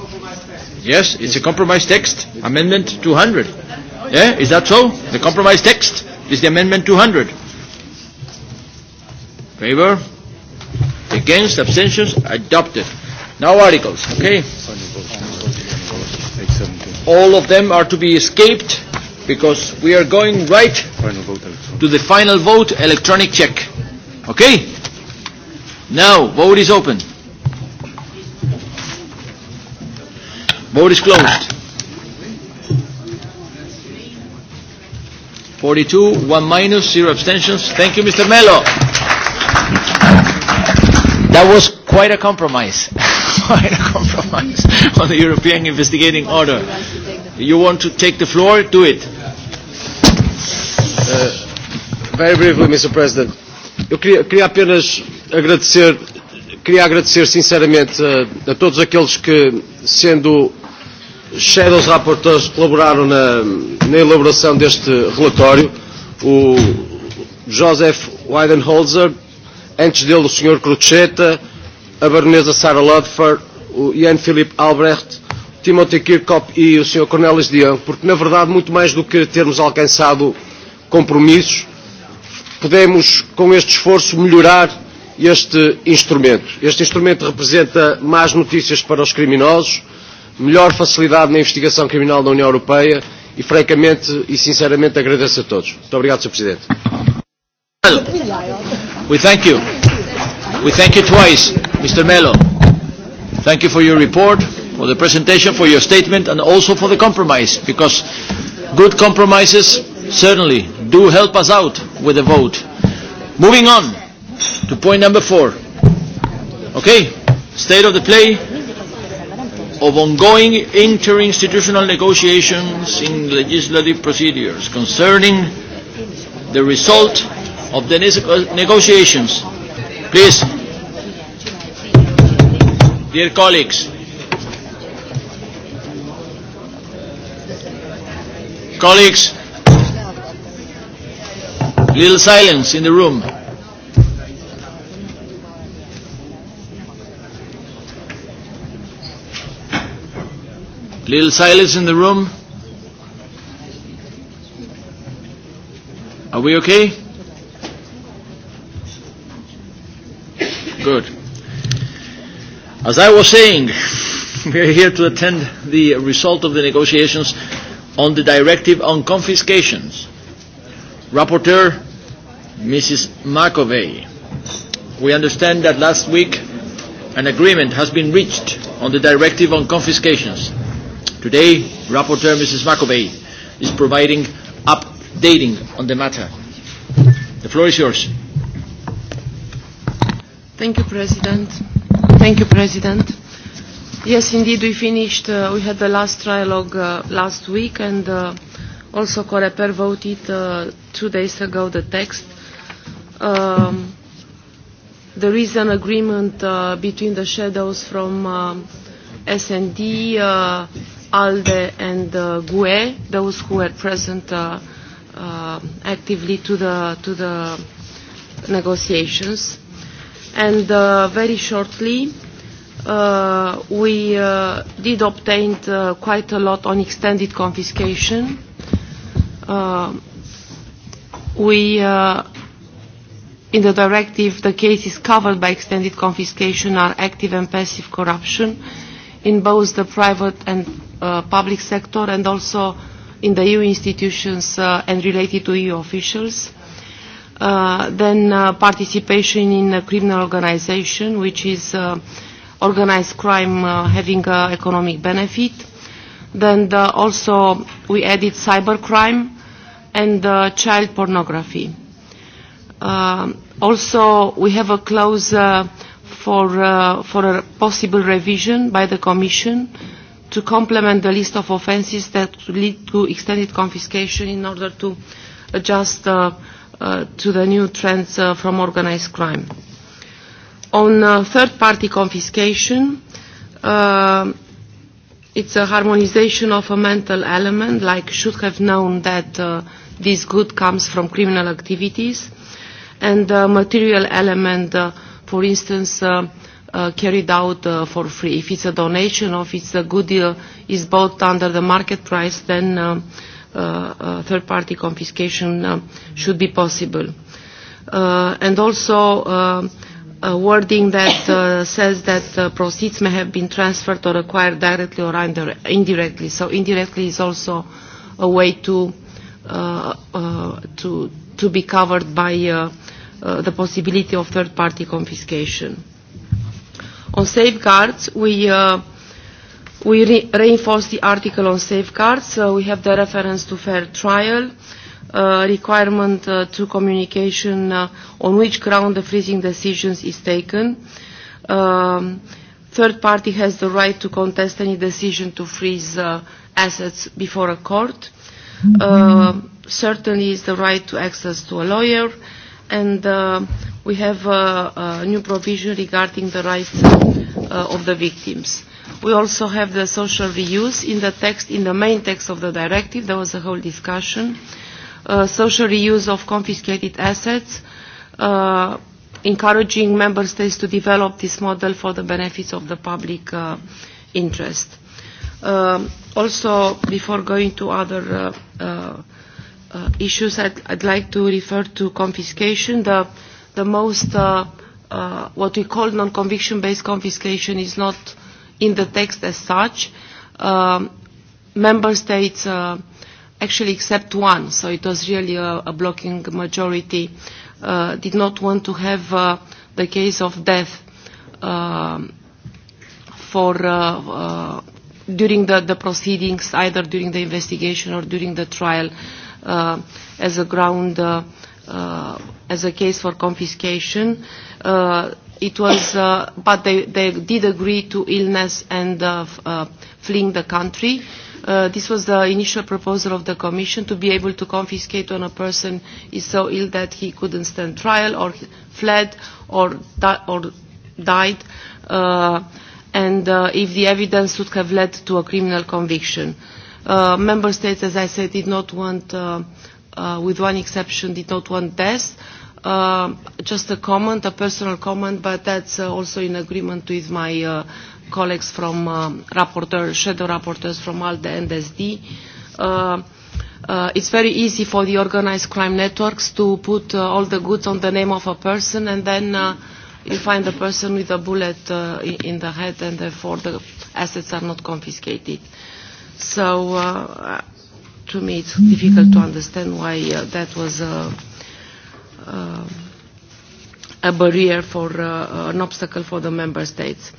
Yes, it's a compromise text. Amendment 200. Yeah, is that so? The compromise text is the amendment 200. Favor? Against? Abstentions? Adopted. Now articles, okay? All of them are to be escaped because we are going right to the final vote electronic check. Okay? Now, vote is open. Vote is closed. 42, 1 minus, 0 abstentions. Thank you, Mr. Mello. That was quite a compromise. quite a compromise on the European investigating order. You want to take the floor? Do it. Uh, very briefly, Mr. President. Eu queria, queria apenas agradecer, queria agradecer sinceramente a, uh, a todos aqueles que, sendo Shadows Rapporteurs, colaboraram na, na elaboração deste relatório. O Joseph Weidenholzer, antes dele o Sr. Crocetta, a Baronesa Sarah Ludford, o Ian Philip Albrecht, Timothy Kirchhoff e o Sr. Cornelis Dion, porque na verdade muito mais do que termos alcançado compromissos, podemos, com este esforço, melhorar este instrumento. Este instrumento representa mais notícias para os criminosos, melhor facilidade na investigação criminal da União Europeia e, francamente e sinceramente, agradeço a todos. Muito obrigado, Sr. Presidente. We thank you. We thank you twice, Mr. Melo. Thank you for your report, for the presentation, for your statement, and also for the compromise, because good compromises certainly do help us out with the vote. Moving on to point number four. Okay, state of the play of ongoing interinstitutional negotiations in legislative procedures concerning the result of the ne negotiations. Please, dear colleagues. Colleagues, little silence in the room. Little silence in the room. Are we okay? Good. As I was saying, we are here to attend the result of the negotiations on the directive on confiscations. Rapporteur Mrs. McAvey. We understand that last week an agreement has been reached on the directive on confiscations. Today, Rapporteur Mrs. McAvey is providing updating on the matter. The floor is yours. Thank you, President. Thank you, President. Yes, indeed, we finished, uh, we had the last trialogue uh, last week, and uh, also COREPER voted uh, two days ago the text um, there is an agreement uh, between the shadows from uh, um, SND, uh, ALDE, and uh, GUE, those who were present uh, uh, actively to the, to the negotiations. And uh, very shortly, uh, we uh, did obtain uh, quite a lot on extended confiscation. Uh, we uh, in the directive, the cases covered by extended confiscation are active and passive corruption in both the private and uh, public sector and also in the EU institutions uh, and related to EU officials. Uh, then uh, participation in a criminal organization, which is uh, organized crime uh, having uh, economic benefit. Then the, also we added cybercrime and uh, child pornography. Uh, Also, we have a clause uh, for, uh, for a possible revision by the Commission to complement the list of offences that lead to extended confiscation in order to adjust uh, uh, to the new trends uh, from organised crime. On uh, third party confiscation, uh, it's a harmonisation of a mental element, like should have known that uh, this good comes from criminal activities and the material element, uh, for instance, uh, uh, carried out uh, for free. If it's a donation or if it's a good deal, is bought under the market price, then uh, uh, uh, third-party confiscation uh, should be possible. Uh, and also uh, a wording that uh, says that uh, proceeds may have been transferred or acquired directly or under indirectly. So indirectly is also a way to, uh, uh, to, to be covered by uh, Uh, the possibility of third party confiscation. On safeguards, we, uh, we re reinforce the article on safeguards. So uh, we have the reference to fair trial, uh, requirement uh, to communication uh, on which ground the freezing decisions is taken. Um, third party has the right to contest any decision to freeze uh, assets before a court. Mm -hmm. uh, certainly is the right to access to a lawyer. Uh, and uh, we have a, a new provision regarding the rights uh, of the victims. We also have the social reuse in the text, in the main text of the directive. There was a whole discussion. Uh, social reuse of confiscated assets, uh, encouraging member states to develop this model for the benefits of the public uh, interest. Uh, also, before going to other uh, uh, uh, issues, I'd, I'd like to refer to confiscation. The, the most, uh, uh, what we call non-conviction based confiscation is not in the text as such. Um, member states uh, actually except one, so it was really a, a blocking majority, uh, did not want to have uh, the case of death uh, for, uh, uh, during the, the proceedings, either during the investigation or during the trial. Uh, uh, as a ground uh, uh, as a case for confiscation. Uh, it was, uh, but they, they did agree to illness and uh, uh, fleeing the country. Uh, this was the initial proposal of the Commission to be able to confiscate when a person is so ill that he couldn't stand trial or fled or, di- or died, uh, and uh, if the evidence would have led to a criminal conviction. Uh, Uh, member states, as I said, did not want, uh, uh, with one exception, did not want this. Uh, just a comment, a personal comment, but that's uh, also in agreement with my uh, colleagues from uh, rapporteur, shadow rapporteurs from ALDE and SD. Uh, uh, it's very easy for the organized crime networks to put uh, all the goods on the name of a person and then uh, you find the person with a bullet uh, in the head and therefore the assets are not confiscated. Uh, So uh, to me, it's difficult to understand why uh, that was a, uh, a barrier for uh, an obstacle for the member states.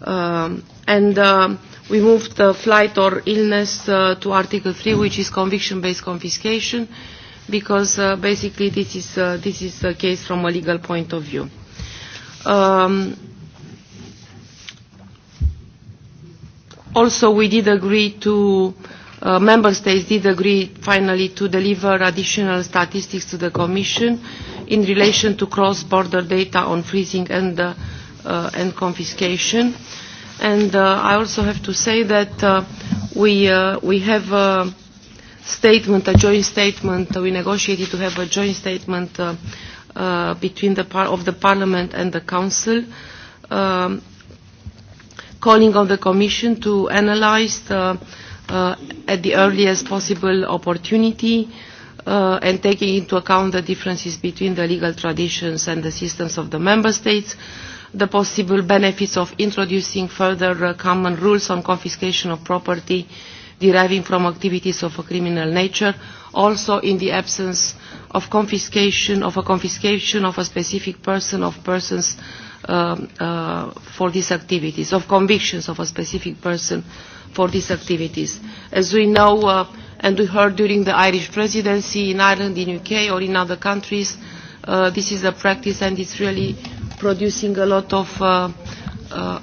Um, and uh, we moved the flight or illness uh, to Article 3, which is conviction-based confiscation, because uh, basically this is, uh, this is a case from a legal point of view. Um, also we did agree to uh, member states did agree finally to deliver additional statistics to the commission in relation to cross border data on freezing and uh, uh, and confiscation and uh, i also have to say that uh, we uh, we have a statement a joint statement uh, we negotiated to have a joint statement uh, uh, between the par of the parliament and the council um, calling on the Commission to analyze the, uh, at the earliest possible opportunity uh, and taking into account the differences between the legal traditions and the systems of the Member States, the possible benefits of introducing further uh, common rules on confiscation of property deriving from activities of a criminal nature, also in the absence of confiscation of a confiscation of a specific person of persons uh, Um, uh, for these activities, of convictions of a specific person for these activities. As we know uh, and we heard during the Irish presidency in Ireland, in UK or in other countries, uh, this is a practice and it's really producing a lot of uh, uh,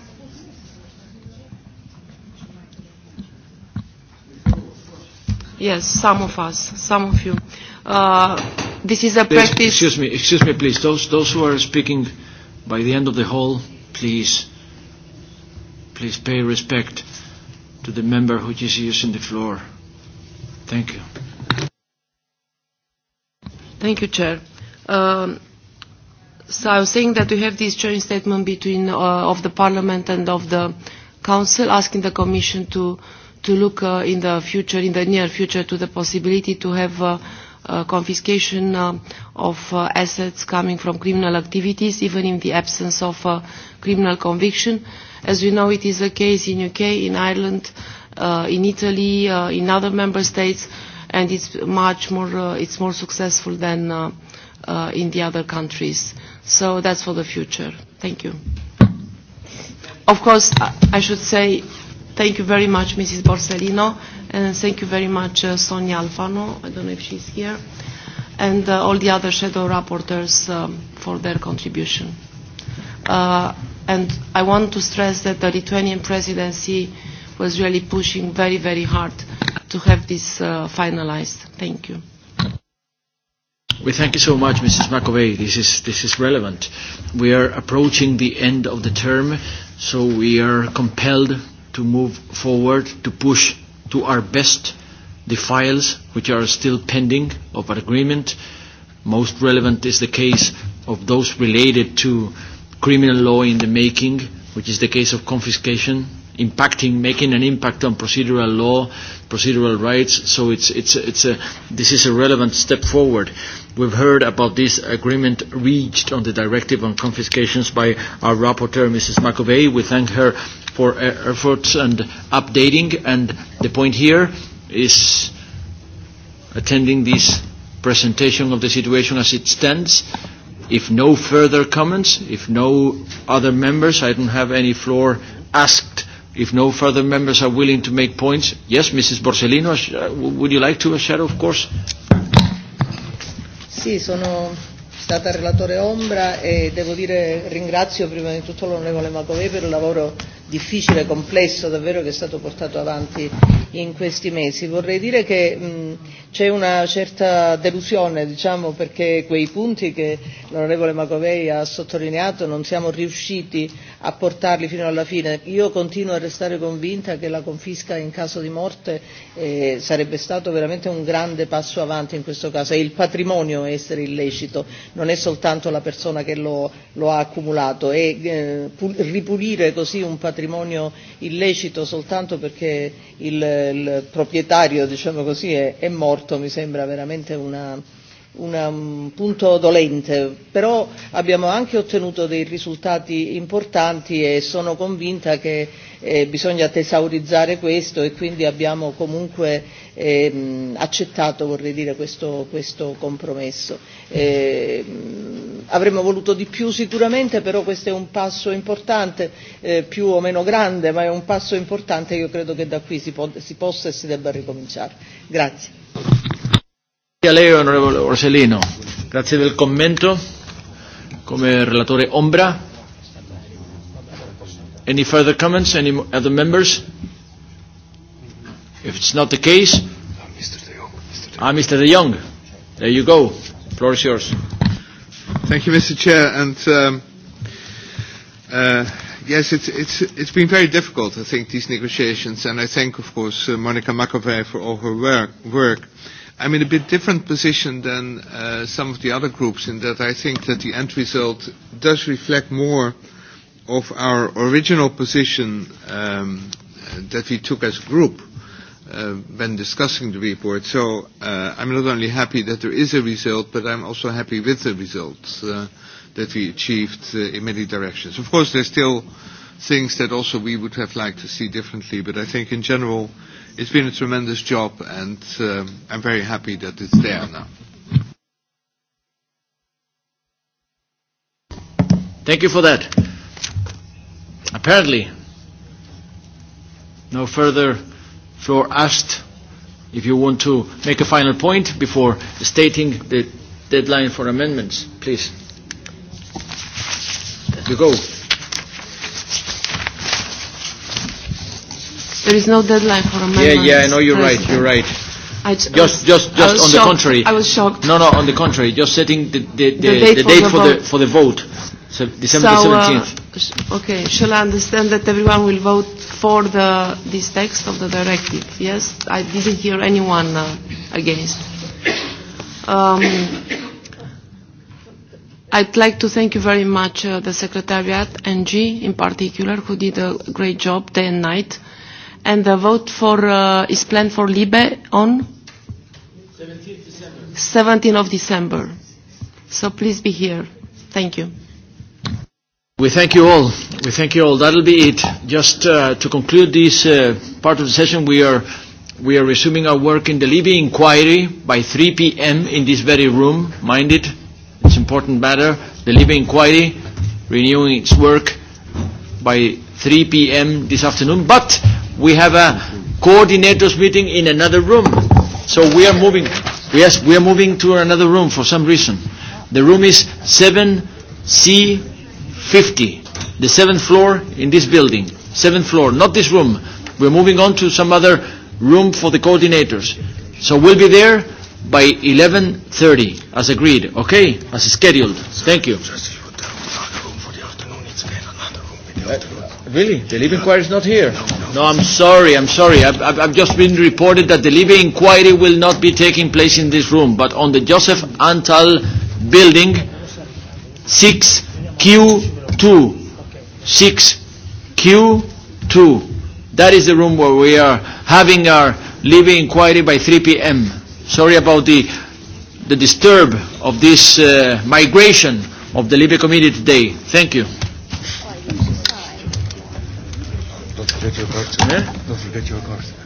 Yes, some of us, some of you. Uh, this is a please, practice... Excuse me, excuse me, please. Those, those who are speaking... Uh, by the end of the hall, please, please pay respect to the member who is here on the floor. Thank you. Thank you, Chair. Um, so I was saying that we have this joint statement between uh, of the Parliament and of the Council, asking the Commission to to look uh, in the future, in the near future, to the possibility to have. Uh, Uh, confiscation uh, of uh, assets coming from criminal activities, even in the absence of a uh, criminal conviction. As we know, it is a case in UK, in Ireland, uh, in Italy, uh, in other member states, and it's much more, uh, it's more successful than uh, uh, in the other countries. So that's for the future. Thank you. Of course, I, I should say Thank you very much, Mrs. Borsellino, and thank you very much, uh, Sonia Alfano. I don't know if she's here, and uh, all the other shadow rapporteurs um, for their contribution. Uh, and I want to stress that the Lithuanian presidency was really pushing very, very hard to have this uh, finalized. Thank you. We thank you so much, Mrs. McAvey. This is, this is relevant. We are approaching the end of the term, so we are compelled to move forward, to push to our best the files which are still pending of our agreement. Most relevant is the case of those related to criminal law in the making, which is the case of confiscation, impacting, making an impact on procedural law, procedural rights. So it's, it's, it's a, this is a relevant step forward. We've heard about this agreement reached on the directive on confiscations by our rapporteur, Mrs. McAvey. We thank her for e-, efforts and updating. And the point here is attending this presentation of the situation as it stands. If no further comments, if no other members, I don't have any floor asked. If no further members are willing to make points, yes, Mrs. Borsellino, uh, would you like to share, of course? Sì, sono stata relatore ombra e devo dire ringrazio prima di tutto l'onorevole Macovei per il lavoro difficile e complesso davvero che è stato portato avanti in questi mesi. Vorrei dire che mh, c'è una certa delusione diciamo, perché quei punti che l'onorevole Macovei ha sottolineato non siamo riusciti a portarli fino alla fine. Io continuo a restare convinta che la confisca in caso di morte eh, sarebbe stato veramente un grande passo avanti in questo caso. È il patrimonio essere illecito, non è soltanto la persona che lo, lo ha accumulato. E, eh, pul- ripulire così un patrimonio patrimonio illecito soltanto perché il, il proprietario diciamo così, è, è morto mi sembra veramente una, una, un punto dolente. Però abbiamo anche ottenuto dei risultati importanti e sono convinta che eh, Eh, bisogna tesaurizzare questo e quindi abbiamo comunque ehm, accettato vorrei dire questo, questo compromesso. Eh, avremmo voluto di più sicuramente, però questo è un passo importante, eh, più o meno grande, ma è un passo importante e io credo che da qui si, po- si possa e si debba ricominciare. Grazie. Grazie a lei onorevole Orsellino, grazie del commento come relatore ombra. Any further comments? Any other members? If it's not the case, I'm Mr. De Jong. Mr. De Jong. Ah, Mr. De Jong. There you go. The floor is yours. Thank you, Mr. Chair. And um, uh, yes, it's, it's, it's been very difficult, I think, these negotiations. And I thank, of course, uh, Monica McAvey for all her work. work. I'm in a bit different position than uh, some of the other groups in that I think that the end result does reflect more uh, of our original position um, that we took as a group uh, when discussing the report. So uh, I'm not only happy that there is a result, but I'm also happy with the results uh, that we achieved uh, in many directions. Of course, there's still things that also we would have liked to see differently, but I think in general it's been a tremendous job and uh, I'm very happy that it's there now. Thank you for that apparently no further floor asked if you want to make a final point before stating the deadline for amendments please there you go there is no deadline for amendments yeah yeah i know you're President. right you're right just, just, just on shocked. the contrary. I was shocked. No, no, on the contrary. Just setting the, the, the, the date, the for, date the for, the, for the vote, so December so, 17th. Uh, Okay, shall I understand that everyone will vote for the, this text of the directive? Yes? I didn't hear anyone uh, against. Um, I'd like to thank you very much, uh, the Secretariat, NG in particular, who did a great job day and night. And the vote for, uh, is planned for Libe on? 17th December. 17th of December. So please be here. Thank you. We thank you all. We thank you all. That'll be it. Just uh, to conclude this uh, part of the session, we are we are resuming our work in the Libby inquiry by 3 p.m. in this very room. Mind it, it's important matter. The Libby inquiry renewing its work by 3 p.m. this afternoon. But we have a coordinators meeting in another room, so we are moving. Yes, we are moving to another room for some reason. The room is 7 C. 50, the seventh floor in this building, seventh floor, not this room. We're moving on to some other room for the coordinators. So we'll be there by 11.30, as agreed, okay? As scheduled. Thank you. Really? The Living Inquiry is not here? No, I'm sorry, I'm sorry. I've, I've just been reported that the Living Inquiry will not be taking place in this room, but on the Joseph Antal building, 6Q two, six, Q two. That is the room where we are having our living inquiry by 3 p.m. Sorry about the the disturb of this uh, migration of the living committee today. Thank you. Don't forget your cards. Eh? Don't forget your cards.